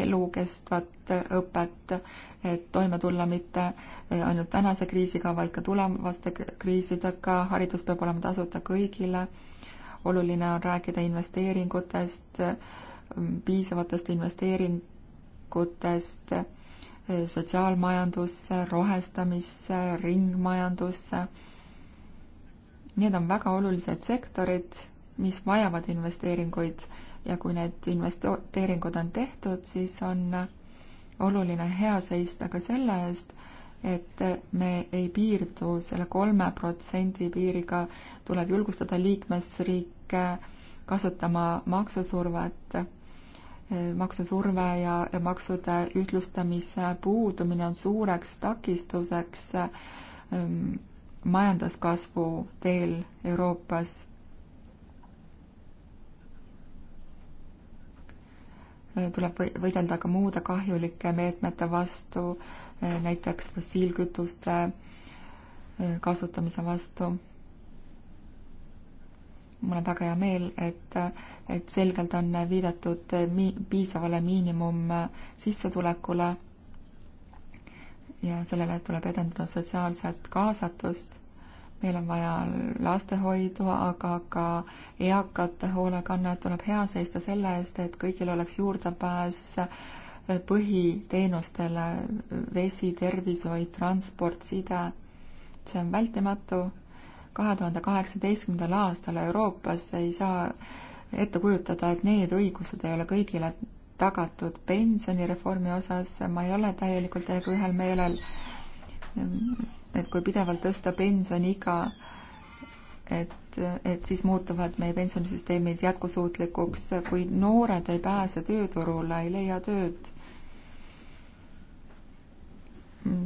elukestvat õpet, et toime tulla mitte ainult tänase kriisiga, vaid ka tulevaste kriisidega, haridus peab olema tasuta kõigile, oluline on rääkida investeeringutest, piisavatest investeeringutest sotsiaalmajandusse, rohestamisse, ringmajandusse Need on väga olulised sektorid, mis vajavad investeeringuid ja kui need investeeringud on tehtud, siis on oluline hea seista ka selle eest, et me ei piirdu selle kolme protsendi piiriga, tuleb julgustada liikmesriike kasutama maksusurvet. maksusurve ja, ja maksude ühtlustamise puudumine on suureks takistuseks ähm, majanduskasvu teel Euroopas. tuleb võidelda ka muude kahjulike meetmete vastu, näiteks fossiilkütuste e, kasutamise vastu. mul on väga hea meel, et, et selgelt on viidatud mi-, piisavale miinimumsissetulekule ja sellele tuleb edendada sotsiaalset kaasatust. meil on vaja lastehoidu, aga ka eakate hoolekanne, tuleb hea seista selle eest, et kõigil oleks juurdepääs põhiteenustele, vesi, tervishoid, transport, side. see on vältimatu. kahe tuhande kaheksateistkümnendal aastal Euroopas ei saa ette kujutada, et need õigused ei ole kõigile tagatud pensionireformi osas ma ei ole täielikult teiega ühel meelel, et kui pidevalt tõsta pensioniiga, et, et siis muutuvad meie pensionisüsteemid jätkusuutlikuks, kui noored ei pääse tööturule, ei leia tööd,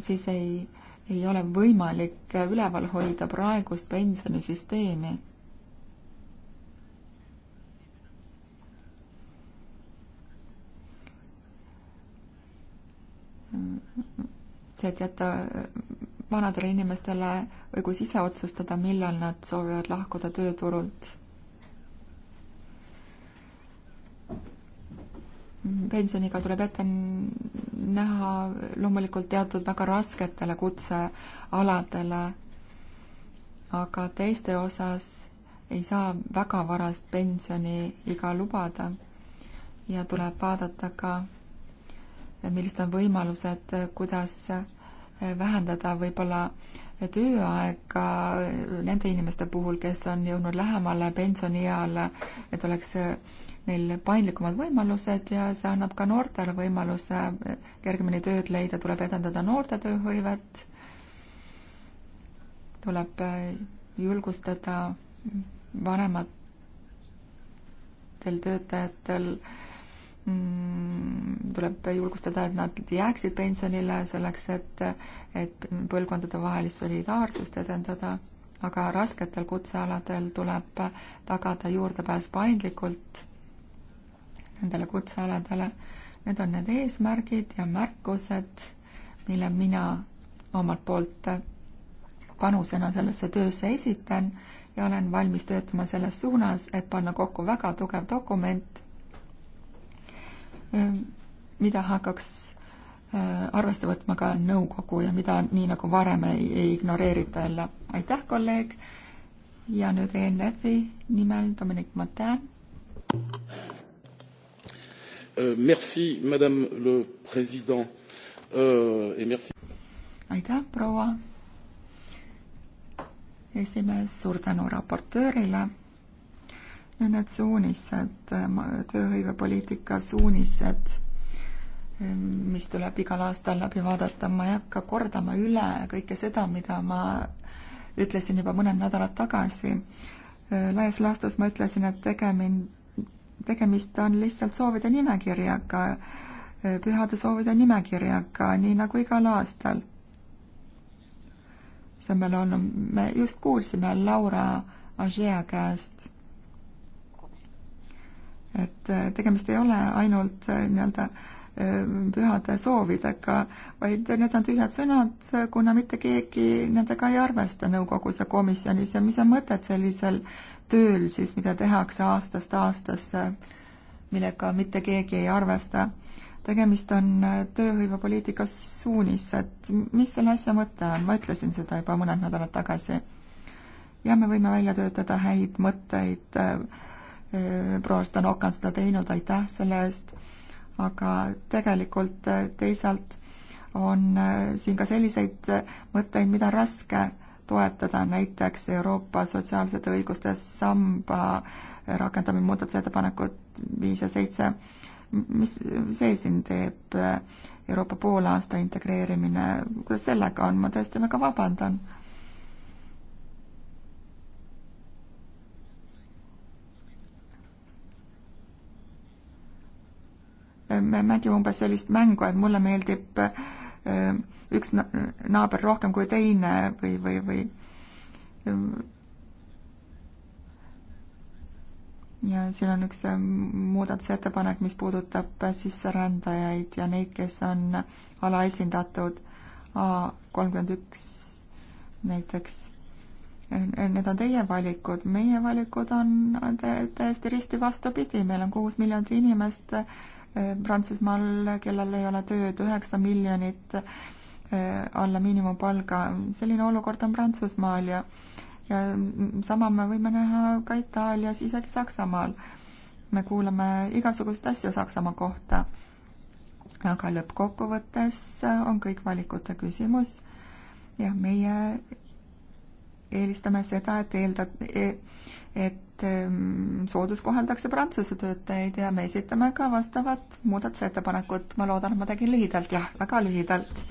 siis ei, ei ole võimalik üleval hoida praegust pensionisüsteemi see, et jätta äh, vanadele inimestele õigus ise otsustada, millal nad soovivad lahkuda tööturult. pensioniga tuleb ette näha loomulikult teatud väga rasketele kutsealadele, aga teiste osas ei saa väga varast pensioniiga lubada ja tuleb vaadata ka millised on võimalused, kuidas vähendada võib-olla tööaega nende inimeste puhul, kes on jõudnud lähemale pensionieale, et oleks neil paindlikumad võimalused ja see annab ka noortele võimaluse kergemini tööd leida, tuleb edendada noorte tööhõivet, tuleb julgustada vanematel töötajatel äh, Mm, tuleb julgustada, et nad jääksid pensionile selleks, et, et põlvkondadevahelist solidaarsust edendada, aga rasketel kutsealadel tuleb tagada juurdepääs paindlikult nendele kutsealadele. Need on need eesmärgid ja märkused, mille mina omalt poolt panusena sellesse töösse esitan ja olen valmis töötama selles suunas, et panna kokku väga tugev dokument Ehm, mida hakkaks eh, arvesse võtma ka nõukogu ja mida nii nagu varem ei, ei ignoreerita jälle. aitäh, kolleeg! ja nüüd ENF-i nimel Dominic Matin. Euh, merci, madame le president euh, et merci. aitäh, proua esimees, suur tänu raportöörile need suunised, tööhõivepoliitika suunised, mis tuleb igal aastal läbi vaadata, ma ei hakka kordama üle kõike seda, mida ma ütlesin juba mõned nädalad tagasi. laias laastus ma ütlesin, et tegemin-, tegemist on lihtsalt soovide nimekirjaga, pühade soovide nimekirjaga, nii nagu igal aastal. see on meil olnud, me just kuulsime Laura Agea käest et äh, tegemist ei ole ainult äh, nii-öelda äh, pühade soovidega, vaid need on tühjad sõnad, kuna mitte keegi nendega ei arvesta nõukogus ja komisjonis ja mis on mõtet sellisel tööl siis, mida tehakse aastast aastasse, millega mitte keegi ei arvesta. tegemist on tööhõivepoliitika suunis, et mis selle asja mõte on, ma ütlesin seda juba mõned nädalad tagasi. ja me võime välja töötada häid mõtteid äh, Äh, proua Stanoka on seda teinud, aitäh selle eest, aga tegelikult äh, teisalt on äh, siin ka selliseid mõtteid, mida on raske toetada, näiteks Euroopa sotsiaalsete õiguste samba rakendamine, muudatusettepanekud viis ja seitse, mis see siin teeb, Euroopa poolaasta integreerimine, kuidas sellega on, ma tõesti väga vabandan me mängime umbes sellist mängu, et mulle meeldib äh, üks naaber rohkem kui teine või, või, või äh, ja siin on üks äh, muudatusettepanek, mis puudutab sisserändajaid ja neid, kes on alaesindatud A kolmkümmend üks näiteks. Need on teie valikud, meie valikud on täiesti risti vastupidi, meil on kuus miljonit inimest Prantsusmaal, kellel ei ole tööd, üheksa miljonit eh, alla miinimumpalga, selline olukord on Prantsusmaal ja ja sama me võime näha ka Itaalias, isegi Saksamaal. me kuuleme igasuguseid asju Saksamaa kohta. aga lõppkokkuvõttes on kõik valikute küsimus. jah, meie eelistame seda, et eelda-, e-, et ehm, soodus koheldakse Prantsuse töötajaid ja me esitame ka vastavat muudatusettepanekut. ma loodan, et ma tegin lühidalt, jah, väga lühidalt.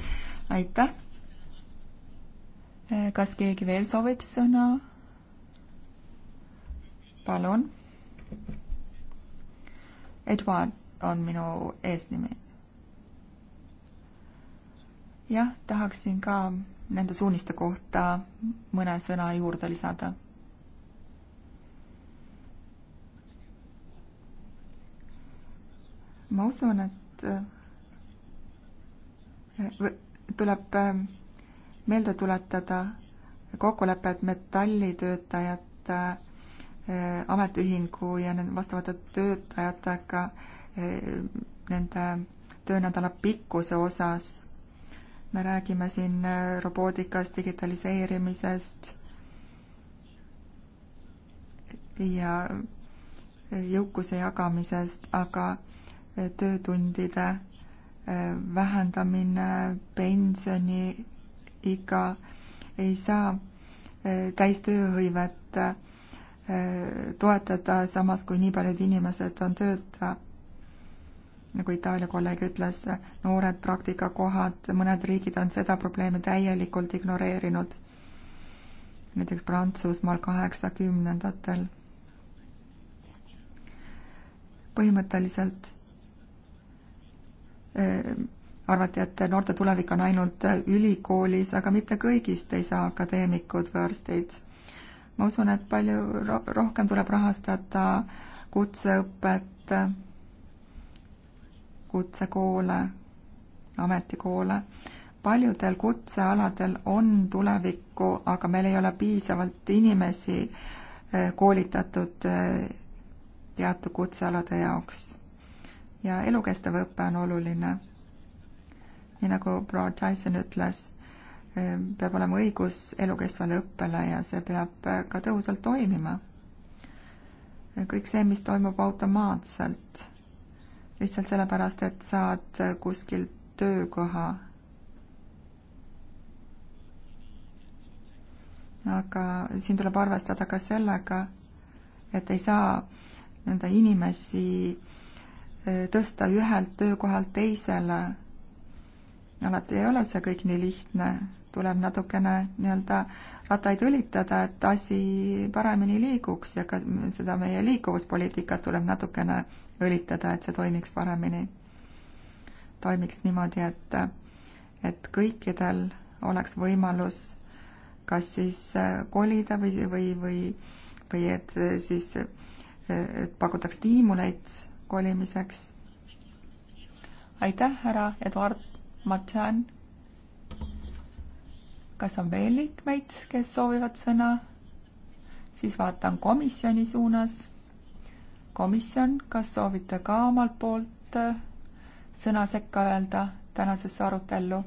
aitäh! E, kas keegi veel soovib sõna? palun. Eduard on minu eesnimi. jah, tahaksin ka nende suuniste kohta mõne sõna juurde lisada? ma usun, et äh, tuleb äh, meelde tuletada kokkulepet metallitöötajate äh, ametiühingu ja nende vastavate töötajatega nende töönädala pikkuse osas me räägime siin äh, robootikast, digitaliseerimisest ja äh, jõukuse jagamisest, aga äh, töötundide vähendamine, pensioniiga ei saa täistööhõivet toetada, samas kui nii paljud inimesed on tööta nagu Itaalia kolleeg ütles, noored praktikakohad, mõned riigid on seda probleemi täielikult ignoreerinud. näiteks Prantsusmaal kaheksakümnendatel. põhimõtteliselt eh, arvati, et noorte tulevik on ainult ülikoolis, aga mitte kõigist ei saa akadeemikud või arstid. ma usun, et palju rohkem tuleb rahastada kutseõpet kutsekoole, ametikoole. paljudel kutsealadel on tulevikku, aga meil ei ole piisavalt inimesi eh, koolitatud eh, teatud kutsealade jaoks. ja elukestev õpe on oluline. nii nagu proua Tyson ütles, eh, peab olema õigus elukestvale õppele ja see peab ka tõhusalt toimima. kõik see, mis toimub automaatselt lihtsalt sellepärast, et saad kuskil töökoha. aga siin tuleb arvestada ka sellega, et ei saa nii-öelda inimesi e, tõsta ühelt töökohalt teisele. alati ei ole see kõik nii lihtne, tuleb natukene nii-öelda rattaid õlitada, et asi paremini liiguks ja ka seda meie liikuvuspoliitikat tuleb natukene õlitada, et see toimiks paremini. toimiks niimoodi, et, et kõikidel oleks võimalus kas siis äh, kolida või, või, või, või et äh, siis äh, et pakutaks stiimuleid kolimiseks. aitäh, härra Eduard Matšan. kas on veel liikmeid, kes soovivad sõna? siis vaatan komisjoni suunas komisjon, kas soovite ka omalt poolt äh, sõna sekka öelda tänasesse arutellu?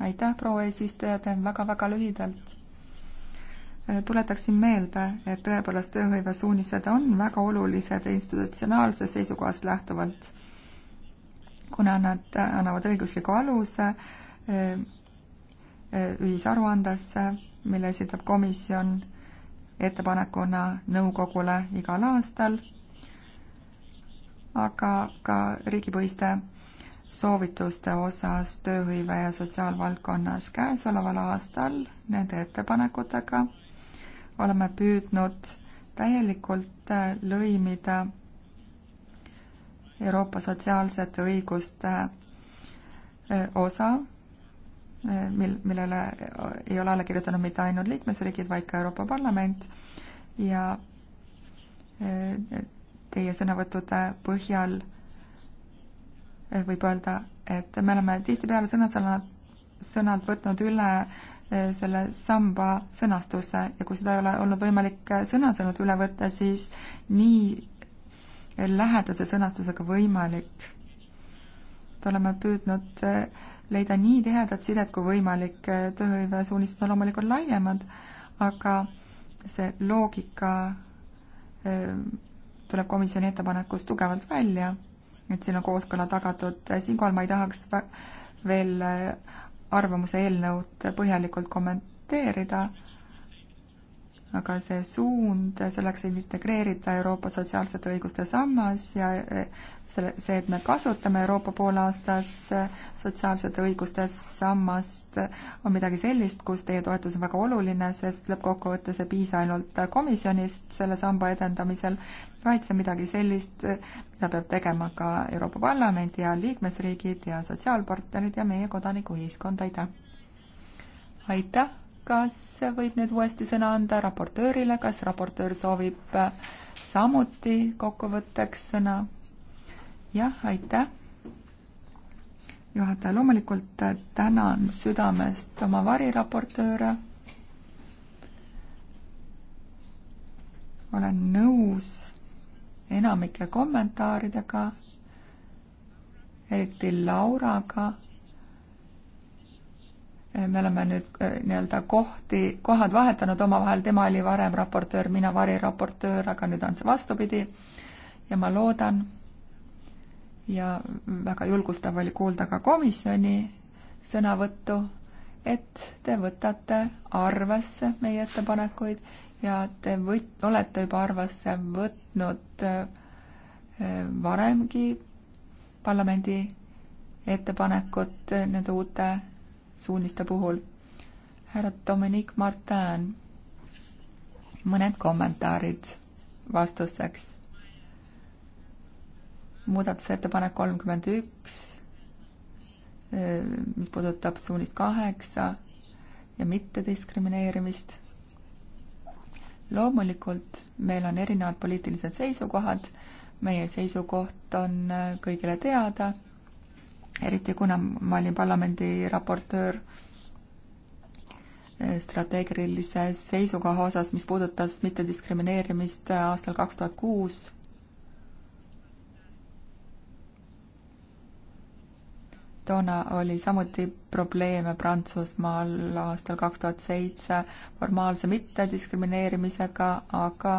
aitäh, proua eesistuja, teen väga-väga lühidalt. Äh, tuletaksin meelde, et tõepoolest tööhõive suunised on väga olulised institutsionaalsest seisukohast lähtuvalt, kuna nad äh, annavad õigusliku aluse ühisaruandesse, mille esitab komisjon ettepanekuna nõukogule igal aastal aga ka riigipõhiste soovituste osas tööhõive ja sotsiaalvaldkonnas käesoleval aastal nende ettepanekutega oleme püüdnud täielikult lõimida Euroopa sotsiaalsete õiguste eh, osa, eh, mil, millele ei ole alla kirjutanud mitte ainult liikmesriigid, vaid ka Euroopa Parlament ja eh, teie sõnavõttude põhjal eh, võib öelda, et me oleme tihtipeale sõnasõnad, sõnad võtnud üle eh, selle samba sõnastuse ja kui seda ei ole olnud võimalik eh, sõna-sõnalt üle võtta, siis nii lähedase sõnastusega võimalik. et oleme püüdnud leida nii tihedat sidet kui võimalik, tööhõive suunised on loomulikult laiemad, aga see loogika tuleb komisjoni ettepanekust tugevalt välja, et siin on kooskõla tagatud, siinkohal ma ei tahaks veel äh, arvamuse eelnõud põhjalikult kommenteerida, aga see suund selleks, et integreerida Euroopa sotsiaalsete õiguste sammas ja äh, selle, see, et me kasutame Euroopa poolaastas äh, sotsiaalsete õiguste sammast, on midagi sellist, kus teie toetus on väga oluline, sest lõppkokkuvõttes ei piisa ainult komisjonist selle samba edendamisel, vaid see on midagi sellist, mida peab tegema ka Euroopa Parlament ja liikmesriigid ja sotsiaalpartnerid ja meie kodanikuühiskond, aitäh! aitäh, kas võib nüüd uuesti sõna anda raportöörile, kas raportöör soovib äh, samuti kokkuvõtteks sõna? jah, aitäh! juhataja, loomulikult äh, tänan südamest oma variraportööre. olen nõus enamike kommentaaridega, eriti Lauraga. me oleme nüüd äh, nii-öelda kohti, kohad vahetanud omavahel, tema oli varem raportöör, mina variraportöör, aga nüüd on see vastupidi. ja ma loodan ja väga julgustav oli kuulda ka komisjoni sõnavõttu, et te võtate arvesse meie ettepanekuid ja te võt-, olete juba arvesse võtnud äh, varemgi parlamendi ettepanekut nende uute suuniste puhul. härra Dominique Martin, mõned kommentaarid vastuseks. muudatusettepanek kolmkümmend üks, äh, mis puudutab suunist kaheksa ja mittediskrimineerimist loomulikult meil on erinevad poliitilised seisukohad, meie seisukoht on äh, kõigile teada, eriti kuna ma olin parlamendi raportöör äh, strateegilise seisukoha osas, mis puudutas mittediskrimineerimist äh, aastal kaks tuhat kuus toona oli samuti probleeme Prantsusmaal aastal kaks tuhat seitse formaalse mittediskrimineerimisega, aga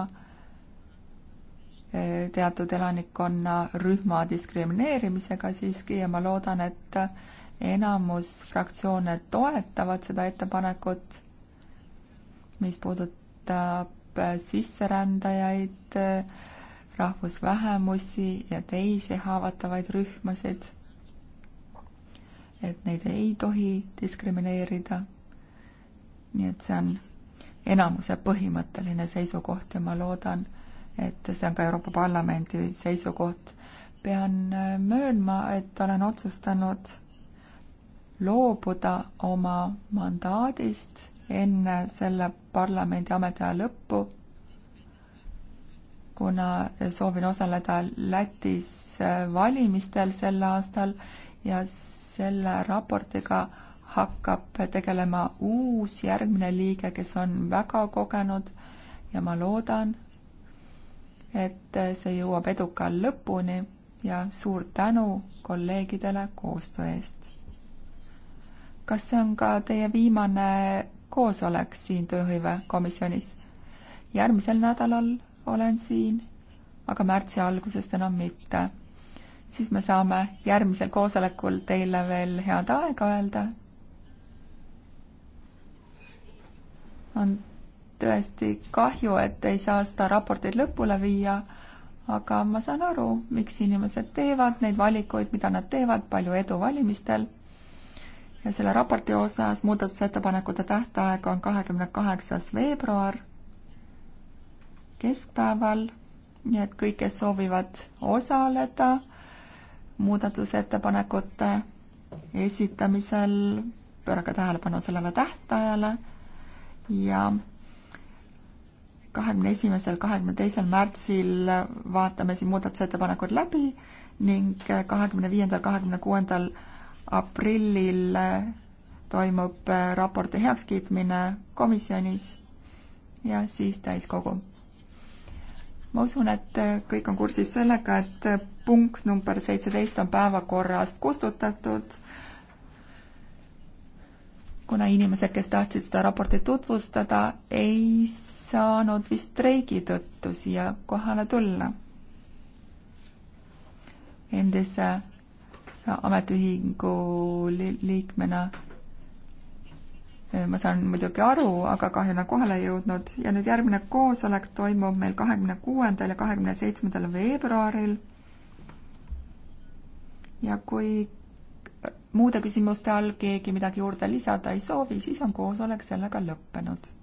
eh, teatud elanikkonnarühma diskrimineerimisega siiski ja ma loodan, et enamus fraktsioone toetavad seda ettepanekut, mis puudutab eh, sisserändajaid, eh, rahvusvähemusi ja teisi haavatavaid rühmasid et neid ei tohi diskrimineerida. nii et see on enamuse põhimõtteline seisukoht ja ma loodan, et see on ka Euroopa Parlamendi seisukoht. pean äh, möönma, et olen otsustanud loobuda oma mandaadist enne selle parlamendi ametiaja lõppu, kuna soovin osaleda Lätis äh, valimistel sel aastal ja selle raportiga hakkab tegelema uus järgmine liige, kes on väga kogenud ja ma loodan, et see jõuab eduka lõpuni ja suur tänu kolleegidele koostöö eest. kas see on ka teie viimane koosolek siin tööhõive komisjonis? järgmisel nädalal olen siin, aga märtsi algusest enam mitte siis me saame järgmisel koosolekul teile veel head aega öelda. on tõesti kahju, et ei saa seda raportit lõpule viia, aga ma saan aru, miks inimesed teevad neid valikuid, mida nad teevad, palju edu valimistel. ja selle raporti osas muudatusettepanekute tähtaeg on kahekümne kaheksas veebruar keskpäeval, nii et kõik, kes soovivad osaleda muudatusettepanekute esitamisel pöörage tähelepanu sellele tähtajale ja kahekümne esimesel, kahekümne teisel märtsil vaatame siin muudatusettepanekud läbi ning kahekümne viiendal, kahekümne kuuendal aprillil toimub raporti heakskiitmine komisjonis ja siis täiskogu ma usun, et kõik on kursis sellega, et punkt number seitseteist on päevakorrast kustutatud, kuna inimesed, kes tahtsid seda raportit tutvustada, ei saanud vist streigi tõttu siia kohale tulla. endise ametiühingu liikmena Äh, ma saan muidugi aru, aga kahjuna kohale ei jõudnud ja nüüd järgmine koosolek toimub meil kahekümne kuuendal ja kahekümne seitsmendal veebruaril. ja kui äh, muude küsimuste all keegi midagi juurde lisada ei soovi, siis on koosolek sellega lõppenud